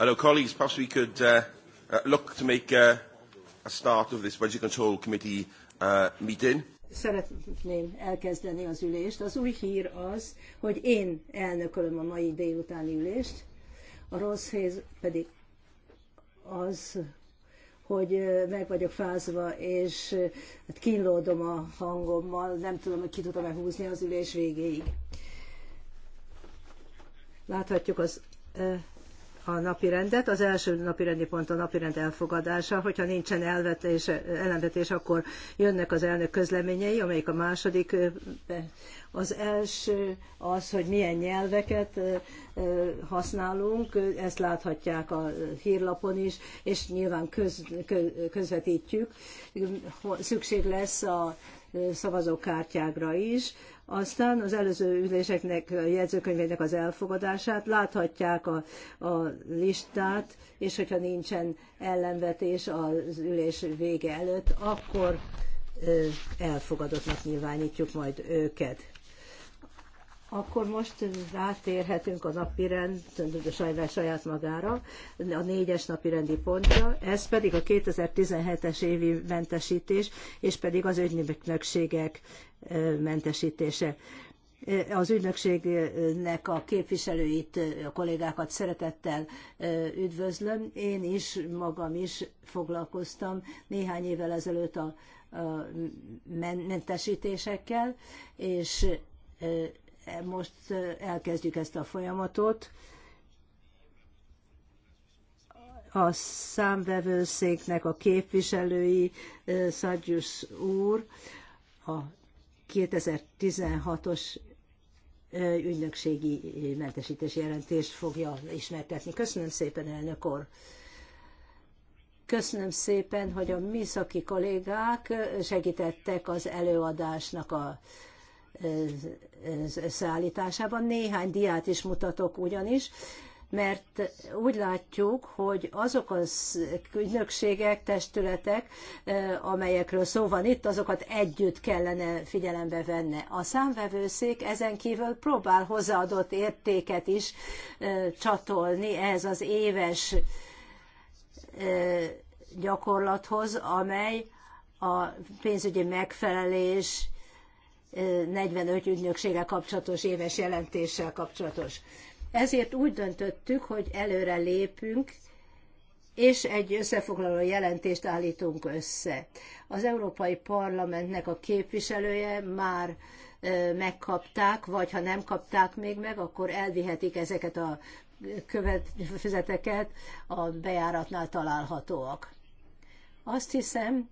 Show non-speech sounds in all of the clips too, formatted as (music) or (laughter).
Hello, colleagues. Perhaps we could uh, uh, look to make uh, a start of this Budget Control Committee uh, meeting. Szeretném elkezdeni az ülést. Az új hír az, hogy én elnökölöm a mai délutáni ülést, a rossz héz pedig az, hogy meg vagyok fázva, és hát kínlódom a hangommal, nem tudom, hogy ki tudom-e húzni az ülés végéig. Láthatjuk az, a napi rendet. Az első napi rendi pont a napi rend elfogadása. Hogyha nincsen elvetés, ellenvetés, akkor jönnek az elnök közleményei, amelyik a második. Az első az, hogy milyen nyelveket használunk, ezt láthatják a hírlapon is, és nyilván köz, közvetítjük. Szükség lesz a szavazókártyákra is. Aztán az előző üléseknek, a jegyzőkönyvének az elfogadását láthatják a, a listát, és hogyha nincsen ellenvetés az ülés vége előtt, akkor elfogadottnak nyilvánítjuk majd őket. Akkor most rátérhetünk a napi rend, sajnál saját magára, a négyes napi rendi pontja, ez pedig a 2017-es évi mentesítés, és pedig az ügynökségek mentesítése. Az ügynökségnek a képviselőit, a kollégákat szeretettel üdvözlöm. Én is, magam is foglalkoztam néhány évvel ezelőtt a mentesítésekkel, és most elkezdjük ezt a folyamatot. A számvevőszéknek a képviselői, Szadjusz úr, a 2016-os ügynökségi mentesítési jelentést fogja ismertetni. Köszönöm szépen, elnök úr! Köszönöm szépen, hogy a mi kollégák segítettek az előadásnak a összeállításában. Néhány diát is mutatok ugyanis, mert úgy látjuk, hogy azok az ügynökségek, testületek, amelyekről szó van itt, azokat együtt kellene figyelembe venni. A számvevőszék ezen kívül próbál hozzáadott értéket is csatolni ehhez az éves gyakorlathoz, amely a pénzügyi megfelelés 45 ügynöksége kapcsolatos éves jelentéssel kapcsolatos. Ezért úgy döntöttük, hogy előre lépünk, és egy összefoglaló jelentést állítunk össze. Az Európai Parlamentnek a képviselője már megkapták, vagy ha nem kapták még meg, akkor elvihetik ezeket a követfüzeteket, a bejáratnál találhatóak. Azt hiszem,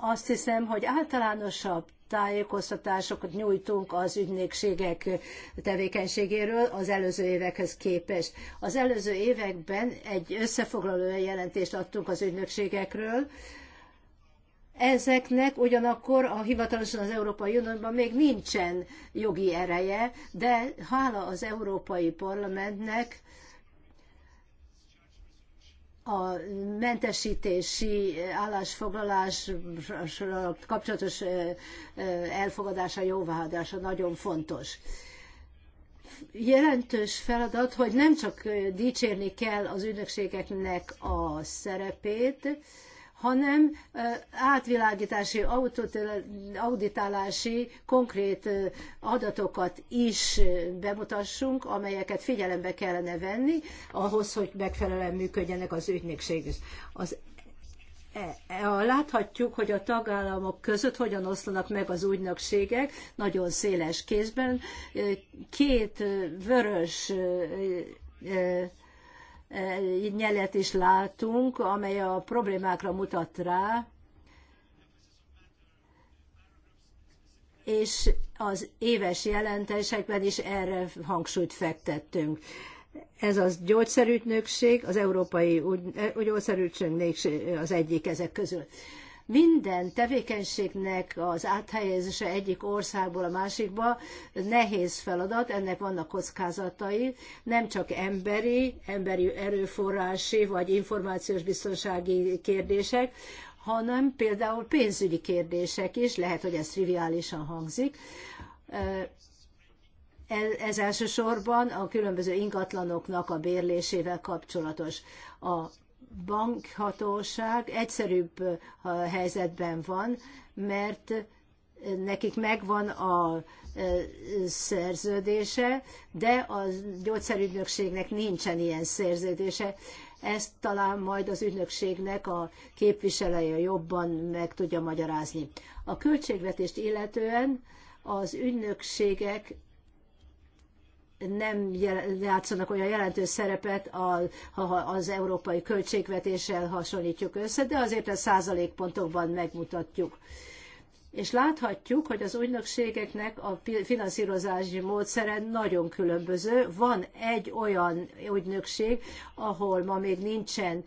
azt hiszem, hogy általánosabb tájékoztatásokat nyújtunk az ügynökségek tevékenységéről az előző évekhez képest. Az előző években egy összefoglaló jelentést adtunk az ügynökségekről, Ezeknek ugyanakkor a hivatalosan az Európai Unióban még nincsen jogi ereje, de hála az Európai Parlamentnek a mentesítési állásfoglalásra kapcsolatos elfogadása, jóváhagyása nagyon fontos. Jelentős feladat, hogy nem csak dicsérni kell az ügynökségeknek a szerepét, hanem átvilágítási, auditálási konkrét adatokat is bemutassunk, amelyeket figyelembe kellene venni ahhoz, hogy megfelelően működjenek az ügynökség. Az e, e, Láthatjuk, hogy a tagállamok között hogyan oszlanak meg az ügynökségek, nagyon széles kézben. Két vörös nyelet is látunk, amely a problémákra mutat rá, és az éves jelentésekben is erre hangsúlyt fektettünk. Ez az gyógyszerügynökség, az Európai Gyógyszerügynökség az egyik ezek közül. Minden tevékenységnek az áthelyezése egyik országból a másikba nehéz feladat, ennek vannak kockázatai, nem csak emberi, emberi erőforrási vagy információs biztonsági kérdések, hanem például pénzügyi kérdések is, lehet, hogy ez triviálisan hangzik, e, ez elsősorban a különböző ingatlanoknak a bérlésével kapcsolatos. A bankhatóság egyszerűbb helyzetben van, mert nekik megvan a e, szerződése, de a gyógyszerügynökségnek nincsen ilyen szerződése. Ezt talán majd az ügynökségnek a képviselője jobban meg tudja magyarázni. A költségvetést illetően az ügynökségek nem játszanak olyan jelentős szerepet, ha az európai költségvetéssel hasonlítjuk össze, de azért ezt százalékpontokban megmutatjuk. És láthatjuk, hogy az ügynökségeknek a finanszírozási módszere nagyon különböző. Van egy olyan ügynökség, ahol ma még nincsen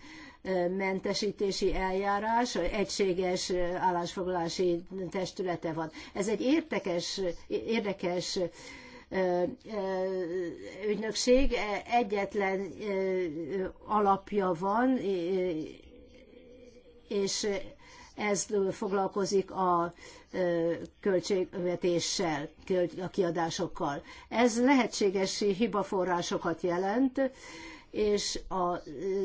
mentesítési eljárás, egységes állásfoglalási testülete van. Ez egy érdekes, érdekes ügynökség, e, egyetlen alapja van, és ez foglalkozik a költségvetéssel, a kiadásokkal. Ez lehetséges hibaforrásokat jelent, és a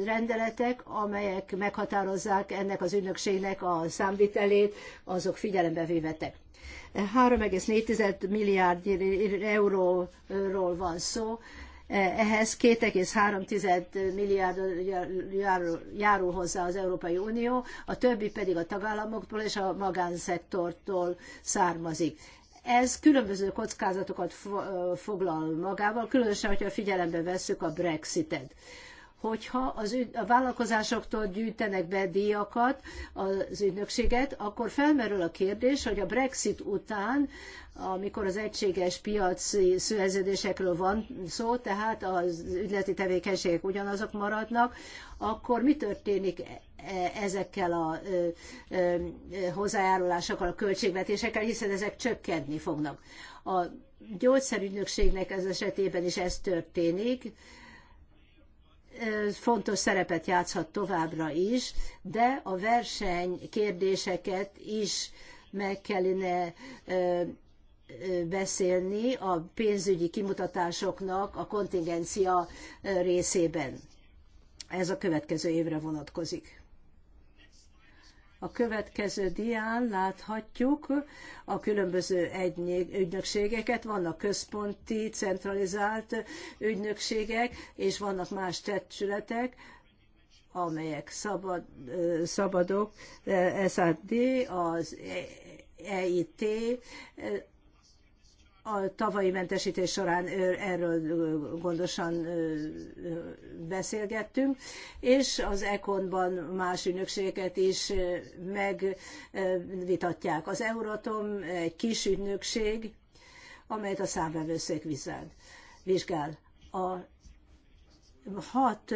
rendeletek, amelyek meghatározzák ennek az ügynökségnek a számvitelét, azok figyelembe vévetek. 3,4 milliárd euróról van szó, ehhez 2,3 milliárd járul hozzá az Európai Unió, a többi pedig a tagállamoktól és a magánszektortól származik. Ez különböző kockázatokat foglal magával, különösen, hogyha figyelembe vesszük a Brexitet hogyha az ügy, a vállalkozásoktól gyűjtenek be díjakat az ügynökséget, akkor felmerül a kérdés, hogy a Brexit után, amikor az egységes piaci szerződésekről van szó, tehát az ügyleti tevékenységek ugyanazok maradnak, akkor mi történik e, e, ezekkel a ö, ö, hozzájárulásokkal, a költségvetésekkel, hiszen ezek csökkenni fognak. A gyógyszerügynökségnek ez esetében is ez történik, fontos szerepet játszhat továbbra is, de a verseny kérdéseket is meg kellene beszélni a pénzügyi kimutatásoknak a kontingencia részében. Ez a következő évre vonatkozik. A következő dián láthatjuk a különböző ügynökségeket, vannak központi, centralizált ügynökségek, és vannak más testületek, amelyek szabad, szabadok, SAD, az EIT, a tavalyi mentesítés során erről gondosan beszélgettünk, és az Econban más ügynökségeket is megvitatják. Az Euratom egy kis ügynökség, amelyet a számvevőszék vizsgál. A hat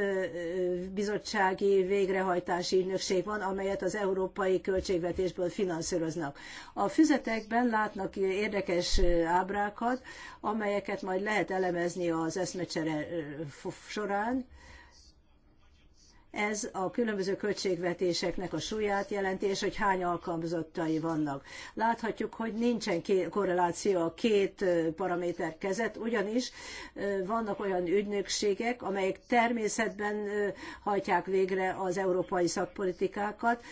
bizottsági végrehajtási ügynökség van, amelyet az európai költségvetésből finanszíroznak. A füzetekben látnak érdekes ábrákat, amelyeket majd lehet elemezni az eszmecsere során ez a különböző költségvetéseknek a súlyát jelenti, és hogy hány alkalmazottai vannak. Láthatjuk, hogy nincsen korreláció a két paraméter kezet, ugyanis vannak olyan ügynökségek, amelyek természetben hajtják végre az európai szakpolitikákat,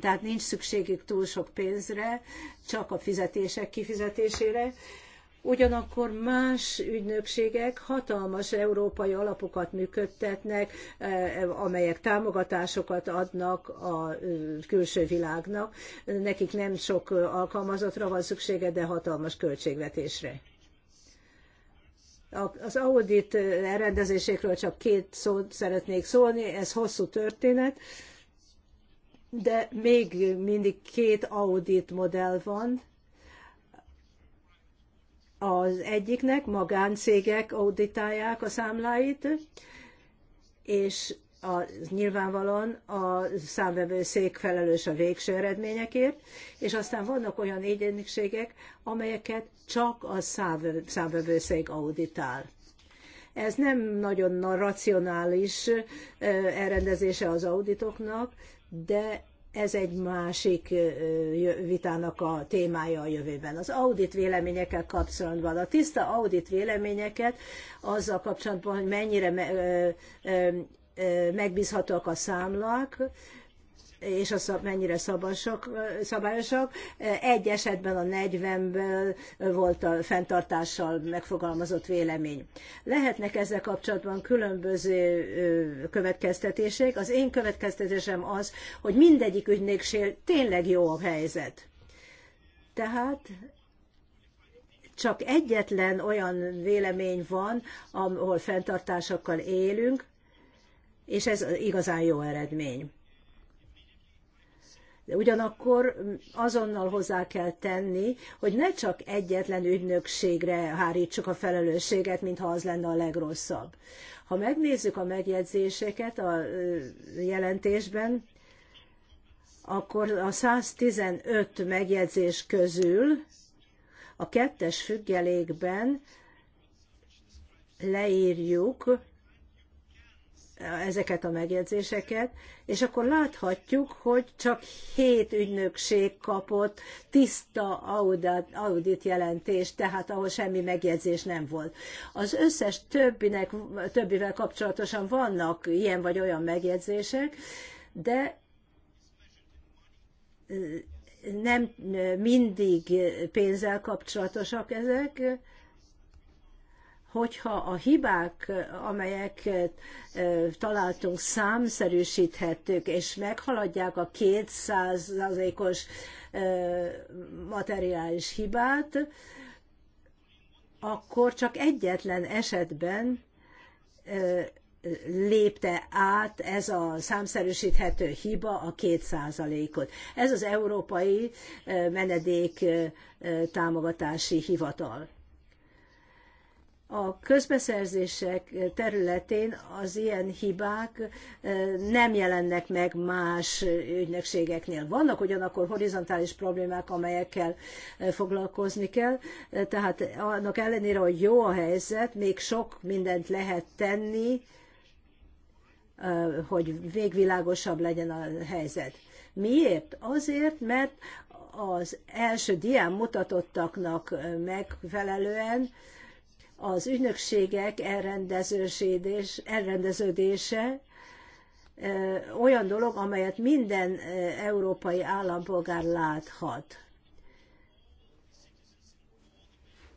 tehát nincs szükségük túl sok pénzre, csak a fizetések kifizetésére, Ugyanakkor más ügynökségek hatalmas európai alapokat működtetnek, eh, amelyek támogatásokat adnak a eh, külső világnak. Nekik nem sok eh, alkalmazatra van szüksége, de hatalmas költségvetésre. Az audit elrendezésékről csak két szót szeretnék szólni, ez hosszú történet, de még mindig két audit modell van, az egyiknek magáncégek auditálják a számláit, és a, nyilvánvalóan a számvevőszék felelős a végső eredményekért, és aztán vannak olyan ügynökségek, amelyeket csak a számvevőszék auditál. Ez nem nagyon racionális elrendezése az auditoknak, de ez egy másik vitának a témája a jövőben. Az audit véleményekkel kapcsolatban. A tiszta audit véleményeket azzal kapcsolatban, hogy mennyire megbízhatóak a számlák, és az mennyire szabasak, szabályosak. Egy esetben a 40-ből volt a fenntartással megfogalmazott vélemény. Lehetnek ezzel kapcsolatban különböző következtetések. Az én következtetésem az, hogy mindegyik ügynökség tényleg jó a helyzet. Tehát csak egyetlen olyan vélemény van, ahol fenntartásokkal élünk, és ez igazán jó eredmény. Ugyanakkor mm, azonnal hozzá kell tenni, hogy ne csak egyetlen ügynökségre hárítsuk a felelősséget, mintha az lenne a legrosszabb. Ha megnézzük a megjegyzéseket a jelentésben, akkor a 115 megjegyzés közül a kettes függelékben leírjuk ezeket a megjegyzéseket, és akkor láthatjuk, hogy csak hét ügynökség kapott tiszta audit, audit jelentést, tehát ahol semmi megjegyzés nem volt. Az összes többinek, többivel kapcsolatosan vannak ilyen vagy olyan megjegyzések, de nem mindig pénzzel kapcsolatosak ezek, hogyha a hibák, amelyeket találtunk, számszerűsíthetők, és meghaladják a 200%-os materiális hibát, akkor csak egyetlen esetben lépte át ez a számszerűsíthető hiba a két százalékot. Ez az Európai Menedék Támogatási Hivatal a közbeszerzések területén az ilyen hibák eh, nem jelennek meg más ügynökségeknél. Vannak ugyanakkor horizontális problémák, amelyekkel eh, foglalkozni kell, eh, tehát annak ellenére, hogy jó a helyzet, még sok mindent lehet tenni, hogy végvilágosabb legyen a helyzet. Miért? Azért, mert az első dián mutatottaknak megfelelően az ügynökségek elrendeződése olyan dolog, amelyet minden európai állampolgár láthat.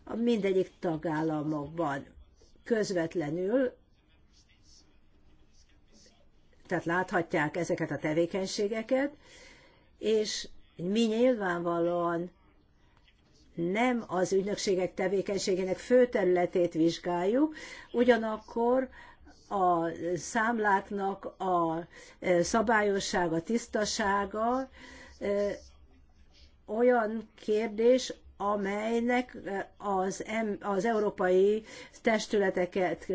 A mindegyik tagállamokban közvetlenül, tehát láthatják ezeket a tevékenységeket, és mi nyilvánvalóan nem az ügynökségek tevékenységének fő területét vizsgáljuk, ugyanakkor a számláknak a e, szabályossága, tisztasága e, olyan kérdés, amelynek az, az európai testületeket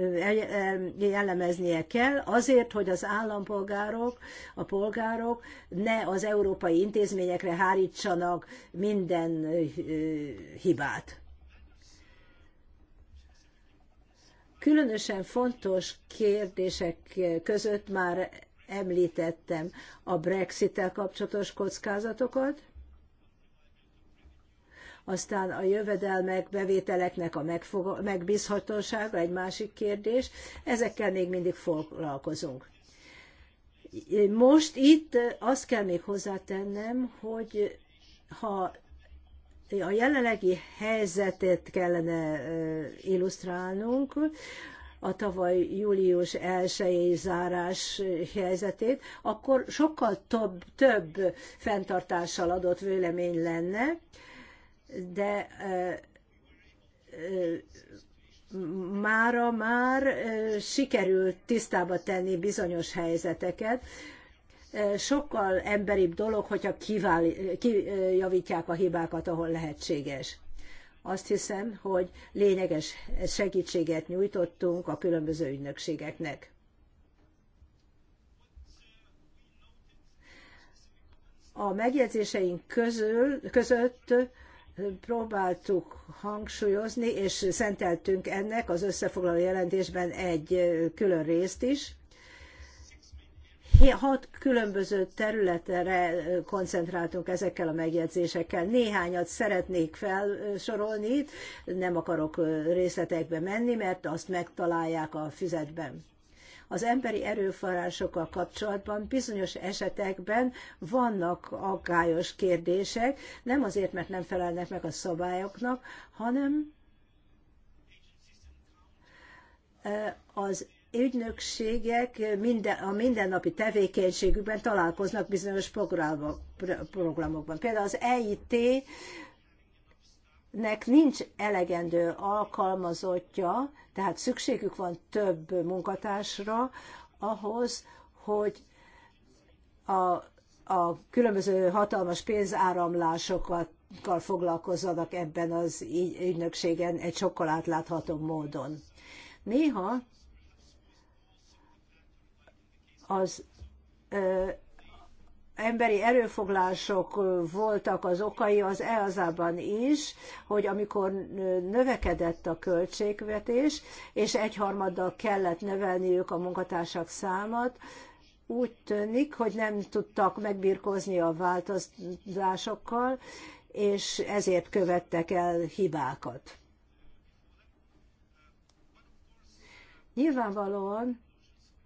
jellemeznie kell, azért, hogy az állampolgárok, a polgárok ne az európai intézményekre hárítsanak minden hibát. Különösen fontos kérdések között már említettem a Brexit-tel kapcsolatos kockázatokat, aztán a jövedelmek, bevételeknek a megfog, megbízhatósága egy másik kérdés. Ezekkel még mindig foglalkozunk. Most itt azt kell még hozzátennem, hogy ha a jelenlegi helyzetet kellene illusztrálnunk, a tavaly július 1 zárás helyzetét, akkor sokkal több, több fenntartással adott vélemény lenne, de mára már sikerült tisztába tenni bizonyos helyzeteket. Sokkal emberibb dolog, hogyha kivál, kijavítják a hibákat, ahol lehetséges. Azt hiszem, hogy lényeges segítséget nyújtottunk a különböző ügynökségeknek. A megjegyzéseink közül, között próbáltuk hangsúlyozni, és szenteltünk ennek az összefoglaló jelentésben egy külön részt is. Hat különböző területre koncentráltunk ezekkel a megjegyzésekkel. Néhányat szeretnék felsorolni, nem akarok részletekbe menni, mert azt megtalálják a füzetben. Az emberi erőforrásokkal kapcsolatban bizonyos esetekben vannak aggályos kérdések, nem azért, mert nem felelnek meg a szabályoknak, hanem e, az ügynökségek minden, a mindennapi tevékenységükben találkoznak bizonyos programokban. Például az EIT nek nincs elegendő alkalmazottja, tehát szükségük van több munkatársra ahhoz, hogy a, a különböző hatalmas pénzáramlásokat foglalkozzanak ebben az ügynökségen egy sokkal átlátható módon. Néha az emberi erőfoglások voltak az okai az EASA-ban is, hogy amikor növekedett a költségvetés, és egyharmaddal kellett növelniük a munkatársak számát, úgy tűnik, hogy nem tudtak megbirkózni a változásokkal, és ezért követtek el hibákat. Nyilvánvalóan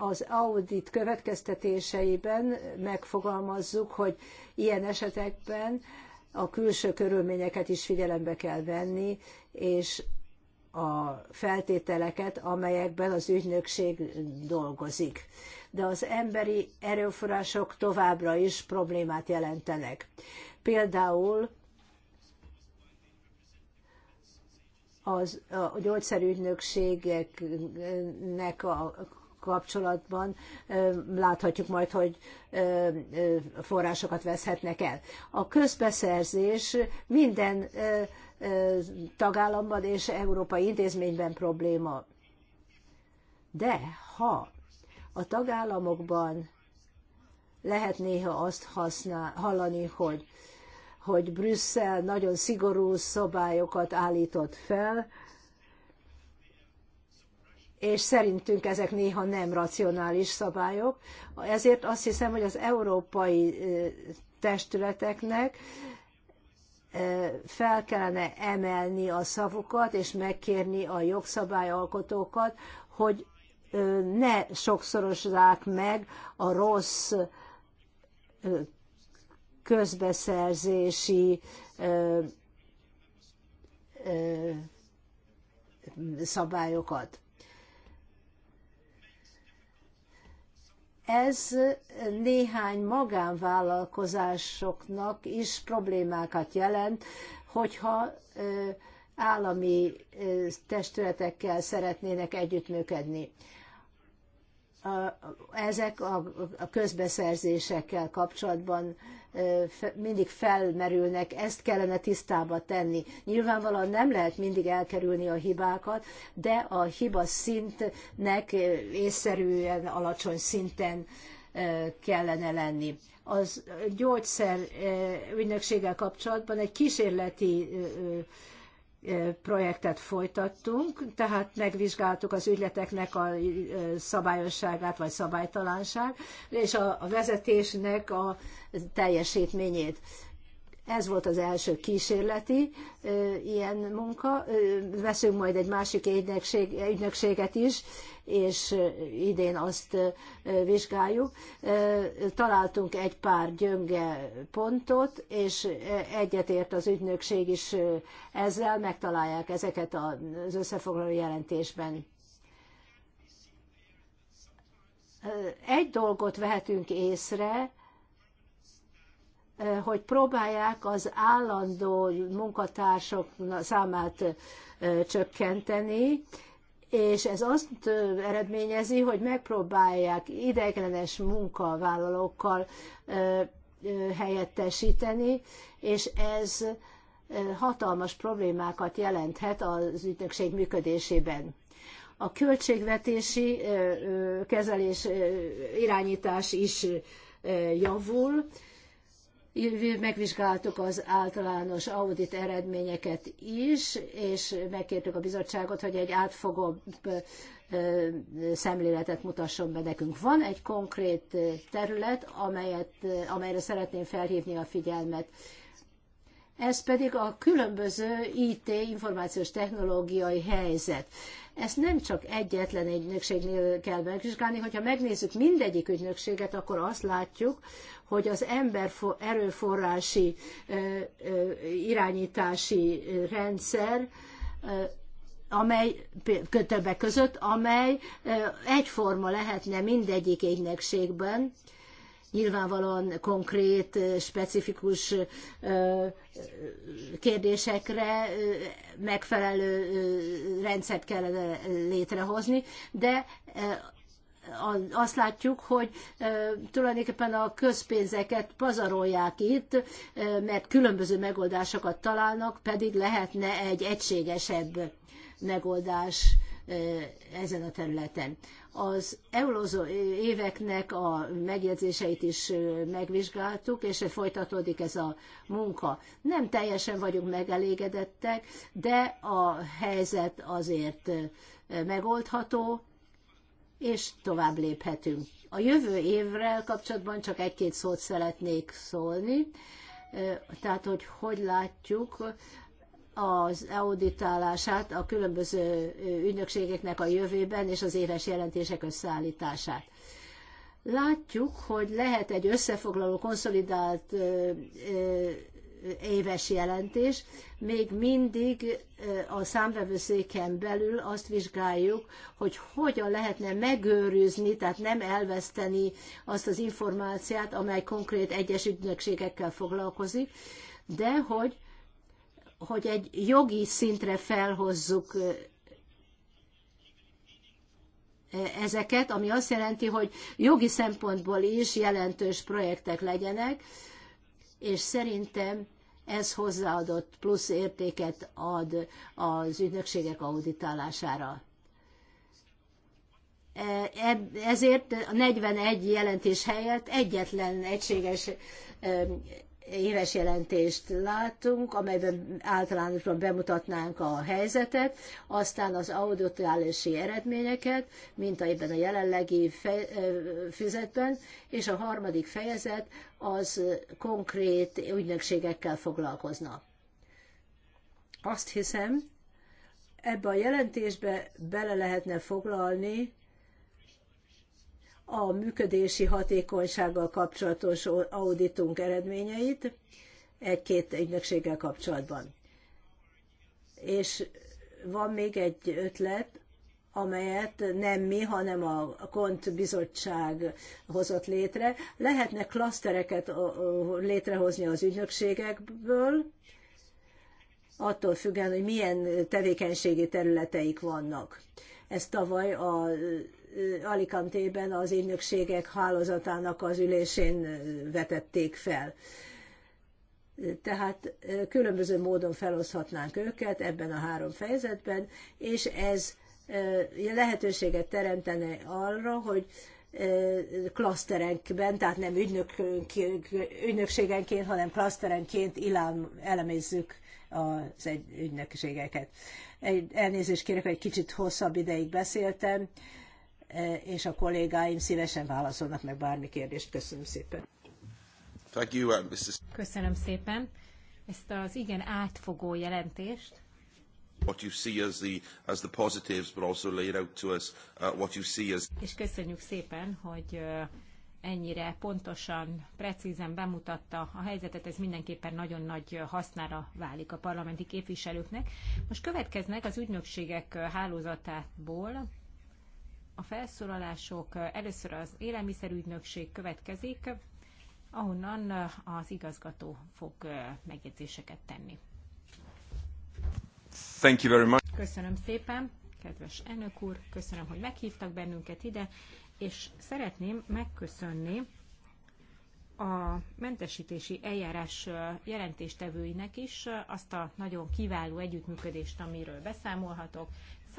az audit következtetéseiben megfogalmazzuk, hogy ilyen esetekben a külső körülményeket is figyelembe kell venni, és a feltételeket, amelyekben az ügynökség dolgozik. De az emberi erőforrások továbbra is problémát jelentenek. Például az, a gyógyszerügynökségeknek a kapcsolatban láthatjuk majd, hogy forrásokat veszhetnek el. A közbeszerzés minden tagállamban és európai intézményben probléma. De ha a tagállamokban lehet néha azt használ, hallani, hogy, hogy Brüsszel nagyon szigorú szabályokat állított fel, és szerintünk ezek néha nem racionális szabályok. Ezért azt hiszem, hogy az európai testületeknek fel kellene emelni a szavukat, és megkérni a jogszabályalkotókat, hogy ne sokszorozzák meg a rossz közbeszerzési szabályokat. Ez néhány magánvállalkozásoknak is problémákat jelent, hogyha állami testületekkel szeretnének együttműködni ezek a közbeszerzésekkel kapcsolatban mindig felmerülnek, ezt kellene tisztába tenni. Nyilvánvalóan nem lehet mindig elkerülni a hibákat, de a hiba szintnek észszerűen alacsony szinten kellene lenni. Az gyógyszer ügynökséggel kapcsolatban egy kísérleti projektet folytattunk, tehát megvizsgáltuk az ügyleteknek a szabályosságát vagy szabálytalanság, és a vezetésnek a teljesítményét. Ez volt az első kísérleti ilyen munka. Veszünk majd egy másik ügynökség, ügynökséget is, és idén azt vizsgáljuk. Találtunk egy pár gyönge pontot, és egyetért az ügynökség is ezzel, megtalálják ezeket az összefoglaló jelentésben. Egy dolgot vehetünk észre, Eh, hogy próbálják az állandó munkatársok számát eh, csökkenteni, és ez azt eh, eredményezi, hogy megpróbálják ideiglenes munkavállalókkal helyettesíteni, és ez hatalmas problémákat jelenthet az ügynökség működésében. A költségvetési kezelés irányítás is javul, megvizsgáltuk az általános audit eredményeket is, és megkértük a bizottságot, hogy egy átfogóbb szemléletet mutasson be nekünk. Van egy konkrét terület, amelyet, amelyre szeretném felhívni a figyelmet. Ez pedig a különböző IT, információs technológiai helyzet. Ezt nem csak egyetlen egy ügynökségnél kell megvizsgálni, hogyha megnézzük mindegyik ügynökséget, akkor azt látjuk, hogy az ember erőforrási irányítási rendszer amely többek között, amely egyforma lehetne mindegyik ügynökségben, nyilvánvalóan konkrét, specifikus kérdésekre megfelelő rendszert kellene létrehozni, de azt látjuk, hogy tulajdonképpen a közpénzeket pazarolják itt, mert különböző megoldásokat találnak, pedig lehetne egy egységesebb megoldás ezen a területen. Az eurozó éveknek a megjegyzéseit is megvizsgáltuk, és folytatódik ez a munka. Nem teljesen vagyunk megelégedettek, de a helyzet azért megoldható, és tovább léphetünk. A jövő évrel kapcsolatban csak egy-két szót szeretnék szólni, tehát hogy hogy látjuk az auditálását a különböző ügynökségeknek a jövőben és az éves jelentések összeállítását. Látjuk, hogy lehet egy összefoglaló, konszolidált éves jelentés, még mindig a számvevőszéken belül azt vizsgáljuk, hogy hogyan lehetne megőrizni, tehát nem elveszteni azt az információt, amely konkrét egyes ügynökségekkel foglalkozik, de hogy hogy egy jogi szintre felhozzuk ezeket, ami azt jelenti, hogy jogi szempontból is jelentős projektek legyenek, és szerintem ez hozzáadott plusz értéket ad az ügynökségek auditálására. E, e, ezért a 41 jelentés helyett egyetlen egységes éves jelentést látunk, amelyben általánosan bemutatnánk a helyzetet, aztán az auditálási eredményeket, mint ebben a jelenlegi füzetben, és a harmadik fejezet az konkrét ügynökségekkel foglalkozna. Azt hiszem, ebbe a jelentésbe bele lehetne foglalni a működési hatékonysággal kapcsolatos auditunk eredményeit egy-két ügynökséggel kapcsolatban. És van még egy ötlet, amelyet nem mi, hanem a KONT bizottság hozott létre. Lehetne klasztereket létrehozni az ügynökségekből, attól függően, hogy milyen tevékenységi területeik vannak. Ez tavaly a Alicantében az ügynökségek hálózatának az ülésén vetették fel. Tehát különböző módon feloszthatnánk őket ebben a három fejezetben, és ez lehetőséget teremtene arra, hogy klaszterenkben, tehát nem ügynökségenként, hanem klaszterenként ilám, elemezzük az ügynökségeket. elnézést kérek, egy kicsit hosszabb ideig beszéltem, E, és a kollégáim szívesen válaszolnak meg bármi kérdést. Köszönöm szépen. Uh, Köszönöm szépen ezt az igen átfogó jelentést. What you see as the, as the positives, but also laid out to us uh, what you see as... És köszönjük szépen, hogy ennyire pontosan, precízen bemutatta a helyzetet, ez mindenképpen nagyon nagy hasznára válik a parlamenti képviselőknek. Most következnek az ügynökségek hálózatából a felszólalások. Először az élelmiszerügynökség következik, ahonnan az igazgató fog megjegyzéseket tenni. Thank you very much. Köszönöm szépen, kedves elnök úr, köszönöm, hogy meghívtak bennünket ide, és szeretném megköszönni a mentesítési eljárás jelentéstevőinek is azt a nagyon kiváló együttműködést, amiről beszámolhatok,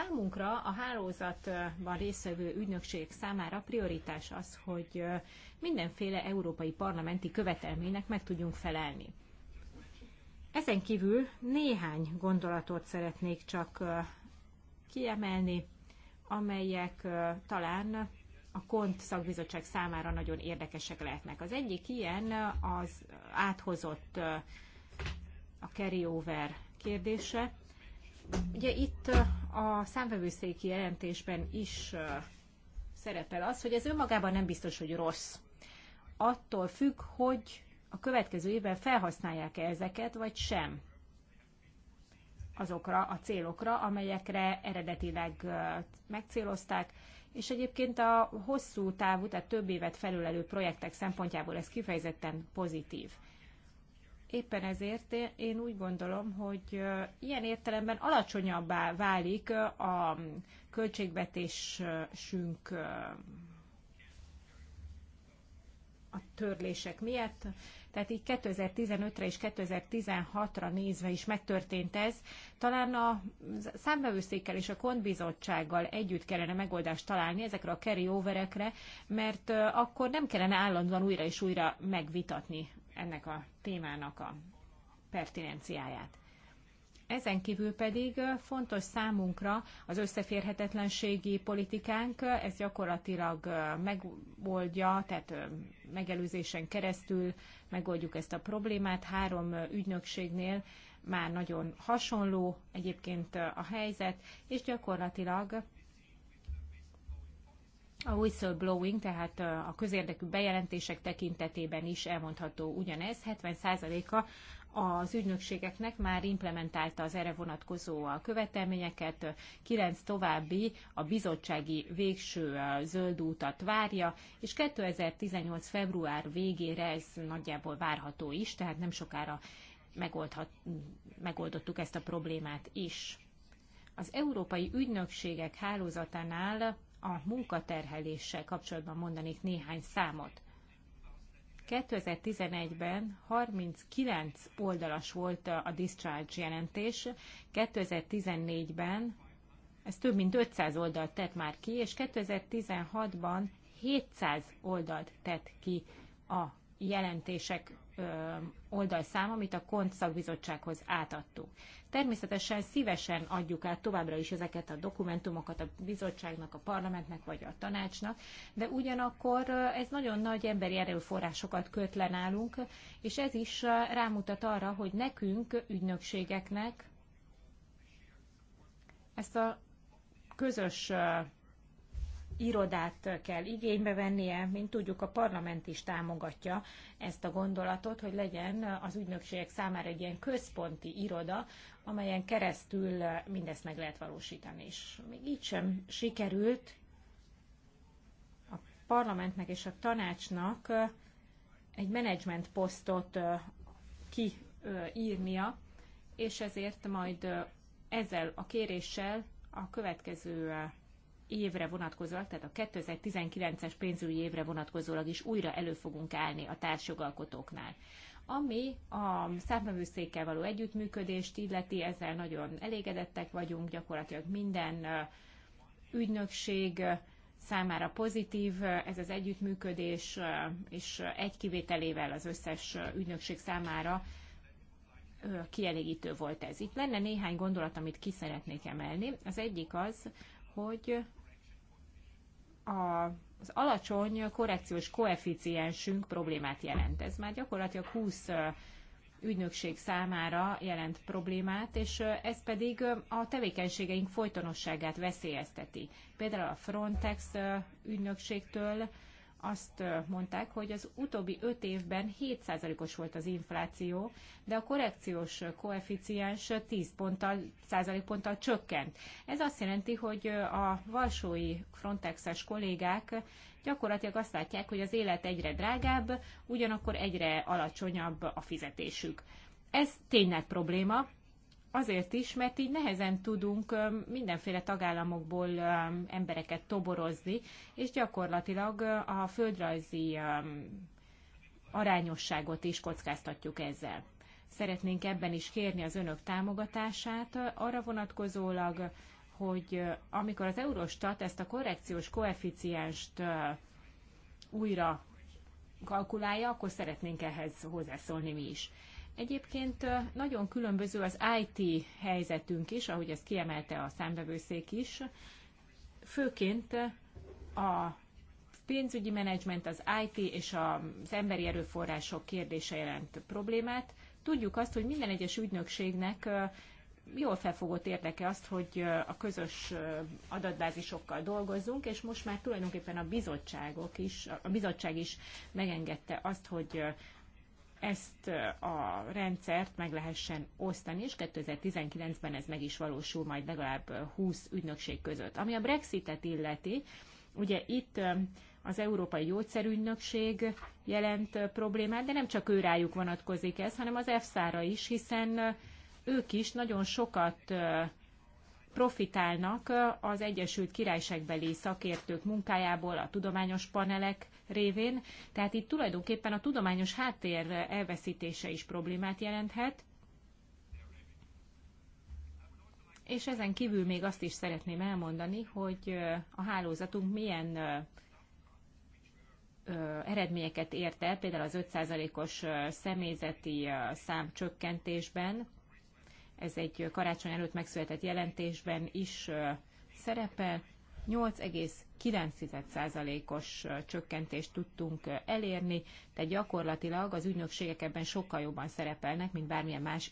Számunkra a hálózatban részvevő ügynökség számára prioritás az, hogy mindenféle európai parlamenti követelménynek meg tudjunk felelni. Ezen kívül néhány gondolatot szeretnék csak kiemelni, amelyek talán a KONT szakbizottság számára nagyon érdekesek lehetnek. Az egyik ilyen az áthozott a carryover kérdése. Ugye itt a számvevőszéki jelentésben is szerepel az, hogy ez önmagában nem biztos, hogy rossz. Attól függ, hogy a következő évben felhasználják -e ezeket, vagy sem azokra a célokra, amelyekre eredetileg megcélozták, és egyébként a hosszú távú, tehát több évet felülelő projektek szempontjából ez kifejezetten pozitív. Éppen ezért én úgy gondolom, hogy ilyen értelemben alacsonyabbá válik a költségvetésünk a törlések miatt. Tehát így 2015-re és 2016-ra nézve is megtörtént ez. Talán a számbevőszékkel és a kontbizottsággal együtt kellene megoldást találni ezekre a carryoverekre, mert akkor nem kellene állandóan újra és újra megvitatni ennek a témának a pertinenciáját. Ezen kívül pedig fontos számunkra az összeférhetetlenségi politikánk, ez gyakorlatilag megoldja, tehát megelőzésen keresztül megoldjuk ezt a problémát. Három ügynökségnél már nagyon hasonló egyébként a helyzet, és gyakorlatilag a whistleblowing, tehát a közérdekű bejelentések tekintetében is elmondható ugyanez, 70%-a az ügynökségeknek már implementálta az erre vonatkozó követelményeket, kilenc további a bizottsági végső zöld útat várja, és 2018. február végére ez nagyjából várható is, tehát nem sokára megoldhat, megoldottuk ezt a problémát is. Az európai ügynökségek hálózatánál a munkaterheléssel kapcsolatban mondanék néhány számot. 2011-ben 39 oldalas volt a discharge jelentés, 2014-ben ez több mint 500 oldalt tett már ki, és 2016-ban 700 oldalt tett ki a jelentések oldalszám, amit a KONT szakbizottsághoz átadtuk. Természetesen szívesen adjuk át továbbra is ezeket a dokumentumokat a bizottságnak, a parlamentnek vagy a tanácsnak, de ugyanakkor ez nagyon nagy emberi erőforrásokat köt le nálunk, és ez is rámutat arra, hogy nekünk, ügynökségeknek ezt a közös irodát kell igénybe vennie, mint tudjuk, a parlament is támogatja ezt a gondolatot, hogy legyen az ügynökségek számára egy ilyen központi iroda, amelyen keresztül mindezt meg lehet valósítani. És még így sem sikerült a parlamentnek és a tanácsnak egy menedzsment posztot kiírnia, és ezért majd ezzel a kéréssel a következő évre vonatkozólag, tehát a 2019-es pénzügyi évre vonatkozólag is újra elő fogunk állni a társjogalkotóknál. Ami a szárnövőszékkel való együttműködést illeti, ezzel nagyon elégedettek vagyunk, gyakorlatilag minden ügynökség számára pozitív ez az együttműködés, és egy kivételével az összes ügynökség számára kielégítő volt ez. Itt lenne néhány gondolat, amit ki szeretnék emelni. Az egyik az, hogy a, az alacsony korrekciós koeficiensünk problémát jelent. Ez már gyakorlatilag 20 ügynökség számára jelent problémát, és ez pedig a tevékenységeink folytonosságát veszélyezteti. Például a Frontex ügynökségtől azt mondták, hogy az utóbbi öt évben 7%-os volt az infláció, de a korrekciós koeficiens 10 ponttal, százalékponttal csökkent. Ez azt jelenti, hogy a valsói Frontexes kollégák gyakorlatilag azt látják, hogy az élet egyre drágább, ugyanakkor egyre alacsonyabb a fizetésük. Ez tényleg probléma, Azért is, mert így nehezen tudunk mindenféle tagállamokból embereket toborozni, és gyakorlatilag a földrajzi arányosságot is kockáztatjuk ezzel. Szeretnénk ebben is kérni az önök támogatását arra vonatkozólag, hogy amikor az Eurostat ezt a korrekciós koeficienst újra kalkulálja, akkor szeretnénk ehhez hozzászólni mi is. Egyébként nagyon különböző az IT helyzetünk is, ahogy ezt kiemelte a számbevőszék is, főként a pénzügyi menedzsment, az IT és az emberi erőforrások kérdése jelent problémát. Tudjuk azt, hogy minden egyes ügynökségnek jól felfogott érdeke azt, hogy a közös adatbázisokkal dolgozzunk, és most már tulajdonképpen a bizottságok is, a bizottság is megengedte azt, hogy ezt a rendszert meg lehessen osztani, és 2019-ben ez meg is valósul majd legalább 20 ügynökség között. Ami a Brexitet illeti, ugye itt az Európai Gyógyszerügynökség jelent problémát, de nem csak ő rájuk vonatkozik ez, hanem az EFSA-ra is, hiszen ők is nagyon sokat profitálnak az Egyesült Királyságbeli szakértők munkájából, a tudományos panelek révén, tehát itt tulajdonképpen a tudományos háttér elveszítése is problémát jelenthet. És ezen kívül még azt is szeretném elmondani, hogy a hálózatunk milyen eredményeket ért el, például az 5%-os személyzeti szám csökkentésben. Ez egy karácsony előtt megszületett jelentésben is szerepel, 8,9%-os csökkentést tudtunk elérni, tehát gyakorlatilag az ügynökségek ebben sokkal jobban szerepelnek, mint bármilyen más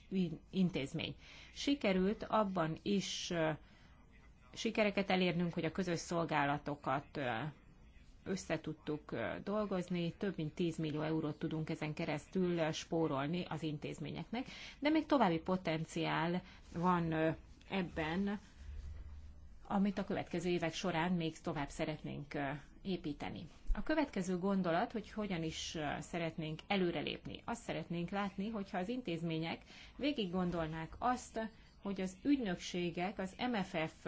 intézmény. Sikerült abban is sikereket elérnünk, hogy a közös szolgálatokat összetudtuk dolgozni, több mint 10 millió eurót tudunk ezen keresztül spórolni az intézményeknek, de még további potenciál van ebben amit a következő évek során még tovább szeretnénk építeni. A következő gondolat, hogy hogyan is szeretnénk előrelépni. Azt szeretnénk látni, hogyha az intézmények végig gondolnák azt, hogy az ügynökségek az MFF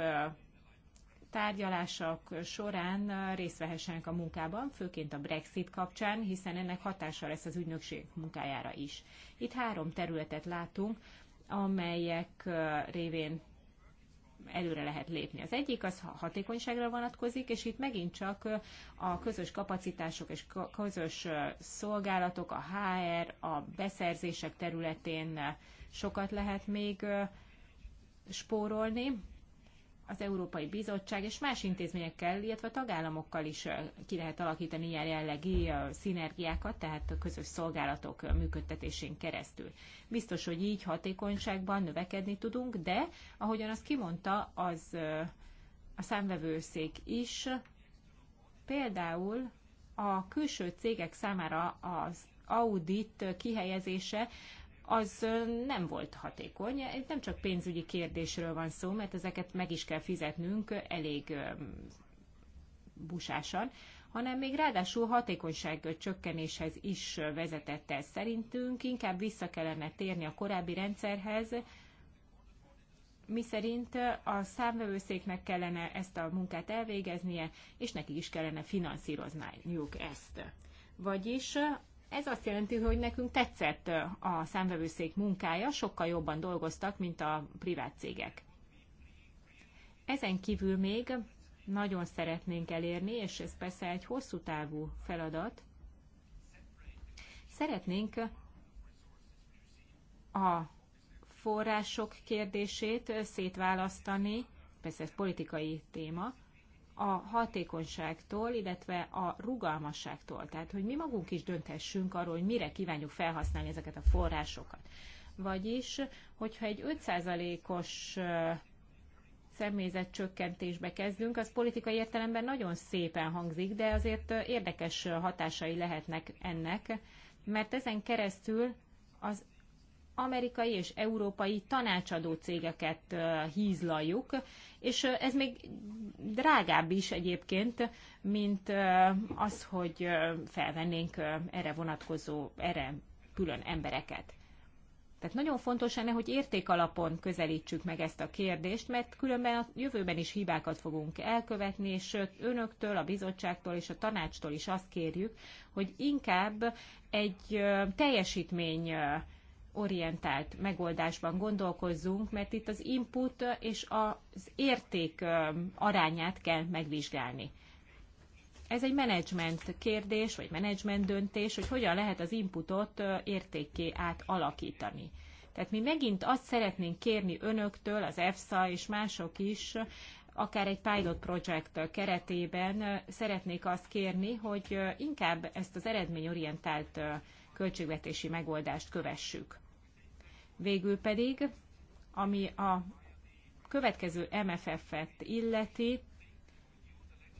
tárgyalások során részt vehessenek a munkában, főként a Brexit kapcsán, hiszen ennek hatása lesz az ügynökség munkájára is. Itt három területet látunk, amelyek révén előre lehet lépni. Az egyik az hatékonyságra vonatkozik, és itt megint csak a közös kapacitások és közös szolgálatok, a HR, a beszerzések területén sokat lehet még spórolni, az Európai Bizottság és más intézményekkel, illetve a tagállamokkal is ki lehet alakítani ilyen jellegi szinergiákat, tehát a közös szolgálatok működtetésén keresztül. Biztos, hogy így hatékonyságban növekedni tudunk, de ahogyan azt kimondta, az a számvevőszék is például a külső cégek számára az audit kihelyezése az nem volt hatékony. nem csak pénzügyi kérdésről van szó, mert ezeket meg is kell fizetnünk elég busásan, hanem még ráadásul hatékonyság csökkenéshez is vezetett ez szerintünk. Inkább vissza kellene térni a korábbi rendszerhez, miszerint a számvevőszéknek kellene ezt a munkát elvégeznie, és nekik is kellene finanszírozniuk ezt. Vagyis ez azt jelenti, hogy nekünk tetszett a számvevőszék munkája, sokkal jobban dolgoztak, mint a privát cégek. Ezen kívül még nagyon szeretnénk elérni, és ez persze egy hosszú távú feladat, szeretnénk a források kérdését szétválasztani, persze ez politikai téma, a hatékonyságtól, illetve a rugalmasságtól. Tehát, hogy mi magunk is dönthessünk arról, hogy mire kívánjuk felhasználni ezeket a forrásokat. Vagyis, hogyha egy 5%-os személyzet csökkentésbe kezdünk, az politikai értelemben nagyon szépen hangzik, de azért érdekes hatásai lehetnek ennek, mert ezen keresztül az amerikai és európai tanácsadó cégeket hízlaljuk, és ez még drágább is egyébként, mint az, hogy felvennénk erre vonatkozó, erre külön embereket. Tehát nagyon fontos lenne, hogy értékalapon közelítsük meg ezt a kérdést, mert különben a jövőben is hibákat fogunk elkövetni, és önöktől, a bizottságtól és a tanácstól is azt kérjük, hogy inkább egy teljesítmény orientált megoldásban gondolkozzunk, mert itt az input és az érték arányát kell megvizsgálni. Ez egy menedzsment kérdés, vagy menedzsment döntés, hogy hogyan lehet az inputot értékké átalakítani. Tehát mi megint azt szeretnénk kérni önöktől, az EFSA és mások is, akár egy pilot project keretében szeretnék azt kérni, hogy inkább ezt az eredményorientált költségvetési megoldást kövessük. Végül pedig, ami a következő MFF-et illeti,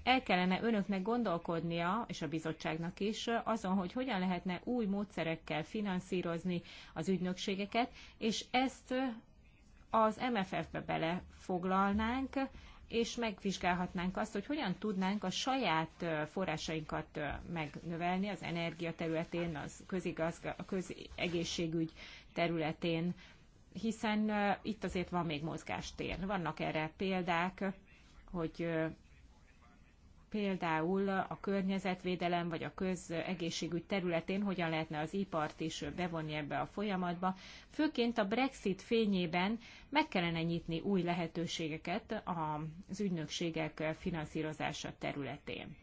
el kellene önöknek gondolkodnia, és a bizottságnak is, azon, hogy hogyan lehetne új módszerekkel finanszírozni az ügynökségeket, és ezt az MFF-be belefoglalnánk, és megvizsgálhatnánk azt, hogy hogyan tudnánk a saját forrásainkat megnövelni az energia területén, az közigazga, a közegészségügy területén, hiszen itt azért van még mozgástér. Vannak erre példák, hogy például a környezetvédelem vagy a közegészségügy területén hogyan lehetne az ipart is bevonni ebbe a folyamatba. Főként a Brexit fényében meg kellene nyitni új lehetőségeket az ügynökségek finanszírozása területén.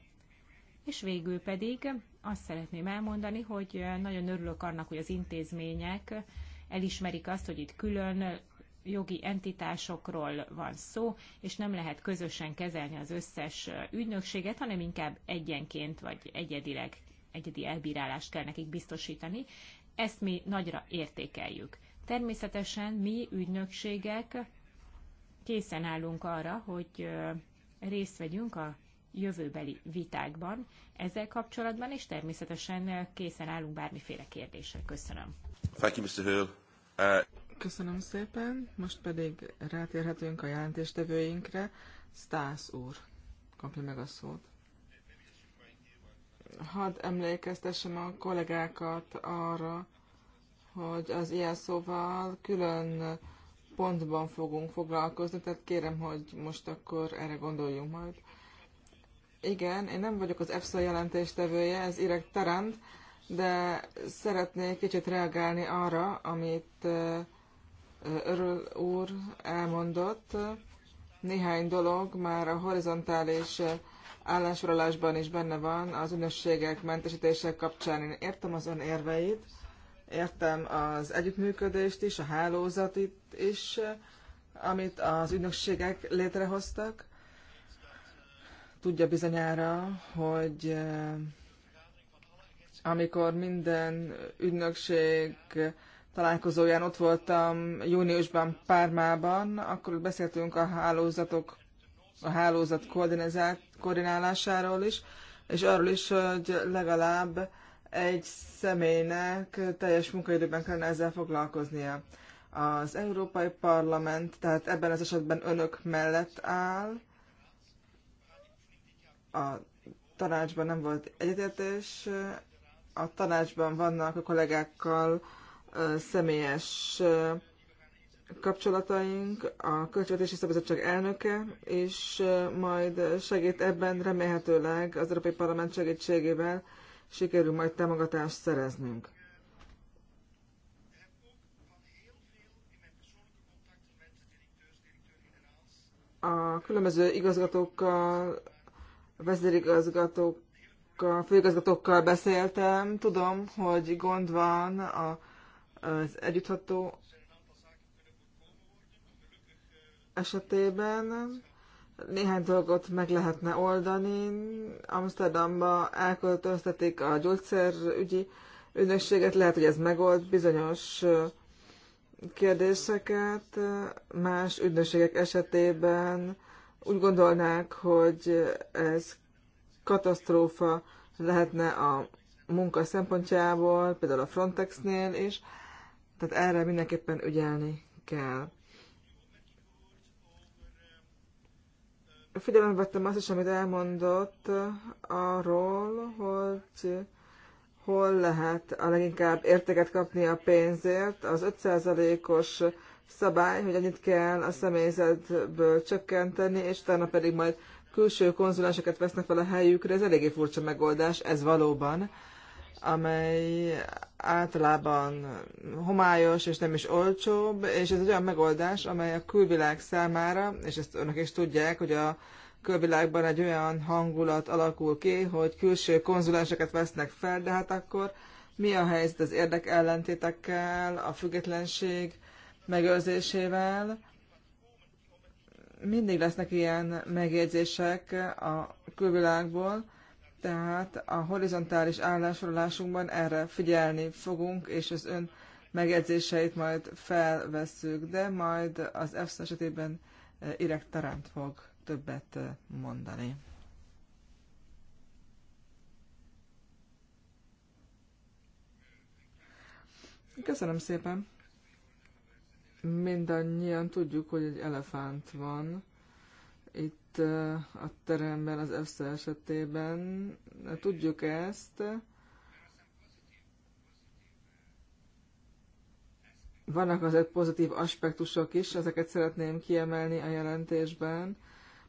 És végül pedig azt szeretném elmondani, hogy nagyon örülök annak, hogy az intézmények elismerik azt, hogy itt külön jogi entitásokról van szó, és nem lehet közösen kezelni az összes ügynökséget, hanem inkább egyenként vagy egyedileg egyedi elbírálást kell nekik biztosítani. Ezt mi nagyra értékeljük. Természetesen mi ügynökségek készen állunk arra, hogy részt vegyünk a jövőbeli vitákban ezzel kapcsolatban, és természetesen készen állunk bármiféle kérdésre. Köszönöm. Thank you, Mr. Hill. Uh... Köszönöm szépen, most pedig rátérhetünk a jelentéstevőinkre. Stász úr, kapja meg a szót. Hadd emlékeztessem a kollégákat arra, hogy az ilyen szóval külön pontban fogunk foglalkozni, tehát kérem, hogy most akkor erre gondoljunk majd. Igen, én nem vagyok az EFSA jelentéstevője, ez Irek Tarant, de szeretnék kicsit reagálni arra, amit Örül úr elmondott, néhány dolog már a horizontális állásorolásban is benne van az ünösségek mentesítések kapcsán. Én értem az ön érveit, értem az együttműködést is, a hálózatit is, amit az ügynökségek létrehoztak. Tudja bizonyára, hogy eh, amikor minden ügynökség találkozóján ott voltam júniusban Pármában, akkor beszéltünk a hálózatok, a hálózat koordinálásáról is, és arról is, hogy legalább egy személynek teljes munkaidőben kellene ezzel foglalkoznia. Az Európai Parlament, tehát ebben az esetben önök mellett áll, a tanácsban nem volt egyetértés, a tanácsban vannak a kollégákkal személyes kapcsolataink, a Költségvetési Szabadság elnöke, és majd segít ebben remélhetőleg az Európai Parlament segítségével sikerül majd támogatást szereznünk. A különböző igazgatókkal, vezérigazgatókkal, főigazgatókkal beszéltem. Tudom, hogy gond van a az együttható esetében néhány dolgot meg lehetne oldani. Amsterdamba elköltöztetik a gyógyszerügyi ügynökséget, lehet, hogy ez megold bizonyos kérdéseket. Más ügynökségek esetében úgy gondolnák, hogy ez katasztrófa lehetne a munka szempontjából, például a Frontexnél is. És tehát erre mindenképpen ügyelni kell. Figyelembe vettem azt is, amit elmondott arról, hogy hol lehet a leginkább értéket kapni a pénzért. Az 5%-os szabály, hogy annyit kell a személyzetből csökkenteni, és utána pedig majd külső konzulásokat vesznek fel a helyükre. Ez eléggé furcsa megoldás, ez valóban amely általában homályos és nem is olcsóbb, és ez egy olyan megoldás, amely a külvilág számára, és ezt önök is tudják, hogy a külvilágban egy olyan hangulat alakul ki, hogy külső konzulenseket vesznek fel, de hát akkor mi a helyzet az érdekellentétekkel, a függetlenség megőrzésével? Mindig lesznek ilyen megjegyzések a külvilágból, tehát a horizontális állásolásunkban erre figyelni fogunk, és az ön megjegyzéseit majd felvesszük, de majd az EFSZ esetében eh, Irek fog többet eh, mondani. Köszönöm szépen. Mindannyian tudjuk, hogy egy elefánt van itt a teremben az EFSA esetében. Tudjuk ezt. Vannak azért pozitív aspektusok is, ezeket szeretném kiemelni a jelentésben.